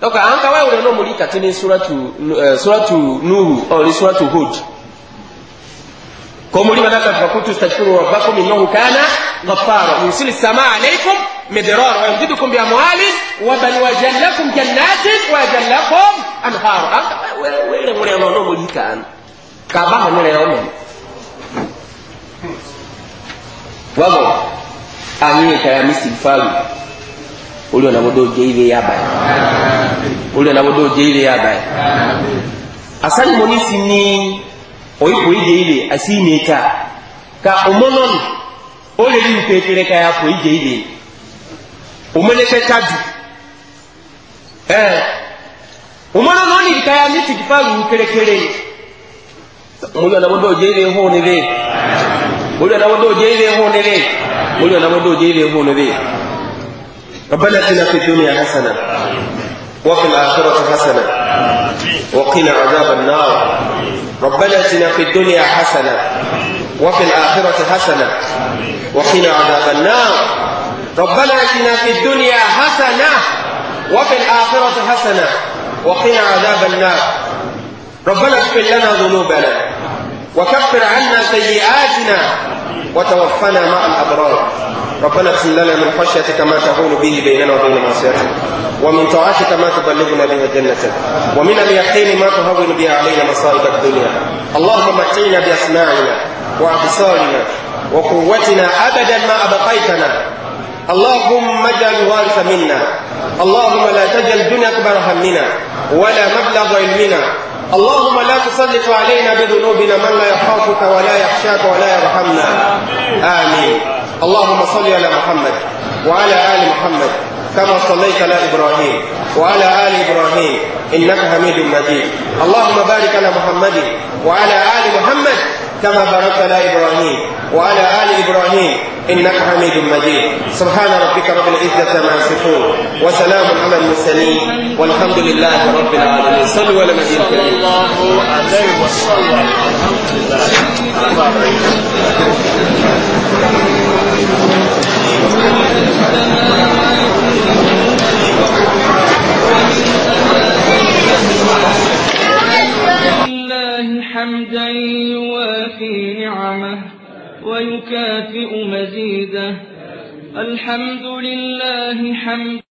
donc anka wa wona no muri katini suratu suratu nuhu au suratu hud kwa muri manaka fakutu stashkuru rabbakum innahu kana ghaffara yusil samaa alaykum midrar wa yumdidukum bi amwalin wa bal wajallakum jannatin wa jallakum anhar anka wa wona no muri kan ka ba no le ono wago anyi kaya misi falu ulio na modoje hivi yabaya olùdó náà wọ́n dó ya ilé yà báyìí asani mo ní sí ní oyípo a si àti ìmẹ̀ka ka òmọ́nọ́nù ó lè rí ìpè kéré ká yà pò ìjẹ́ ilé òmọ́nẹ́kẹ́ kájú ẹ̀ òmọ́nọ́nù ó ní ìkáyà ní tìkífà lù kéré kéré olùdó náà wọ́n dó jẹ́ ilé hó nílé olùdó náà wọ́n dó jẹ́ ilé hó وفي الآخرة حسنة وقنا عذاب النار ربنا اتنا في الدنيا حسنة وفي الآخرة حسنة وقنا عذاب النار ربنا اتنا في الدنيا حسنة وفي الآخرة حسنة وقنا عذاب النار ربنا اغفر لنا ذنوبنا وكفر عنا سيئاتنا وتوفنا مع الأبرار ربنا اغفر لنا من خشيتك ما تحول به بيننا وبين معصيتك ومن طاعتك ما تبلغنا به جنتك ومن اليقين ما تهون به علينا مصائب الدنيا اللهم متعنا بأسماعنا وأبصارنا وقوتنا أبدا ما أبقيتنا اللهم اجعل الوارث منا اللهم لا تجعل الدنيا أكبر همنا ولا مبلغ علمنا اللهم لا تسلط علينا بذنوبنا من لا يخافك ولا يخشاك ولا يرحمنا آمين اللهم صل على محمد وعلى آل محمد كما صليت على إبراهيم وعلى آل إبراهيم إنك حميد مجيد اللهم بارك على محمد وعلى آل محمد كما باركت على إبراهيم وعلى آل إبراهيم إنك حميد مجيد سبحان ربك رب العزة ما يصفون وسلام على المرسلين والحمد لله رب العالمين صلوا على نبي صلى الله عليه وسلم الحمد لله رب العالمين حمدا يوافي نعمه ويكافئ مزيده الحمد لله حمدا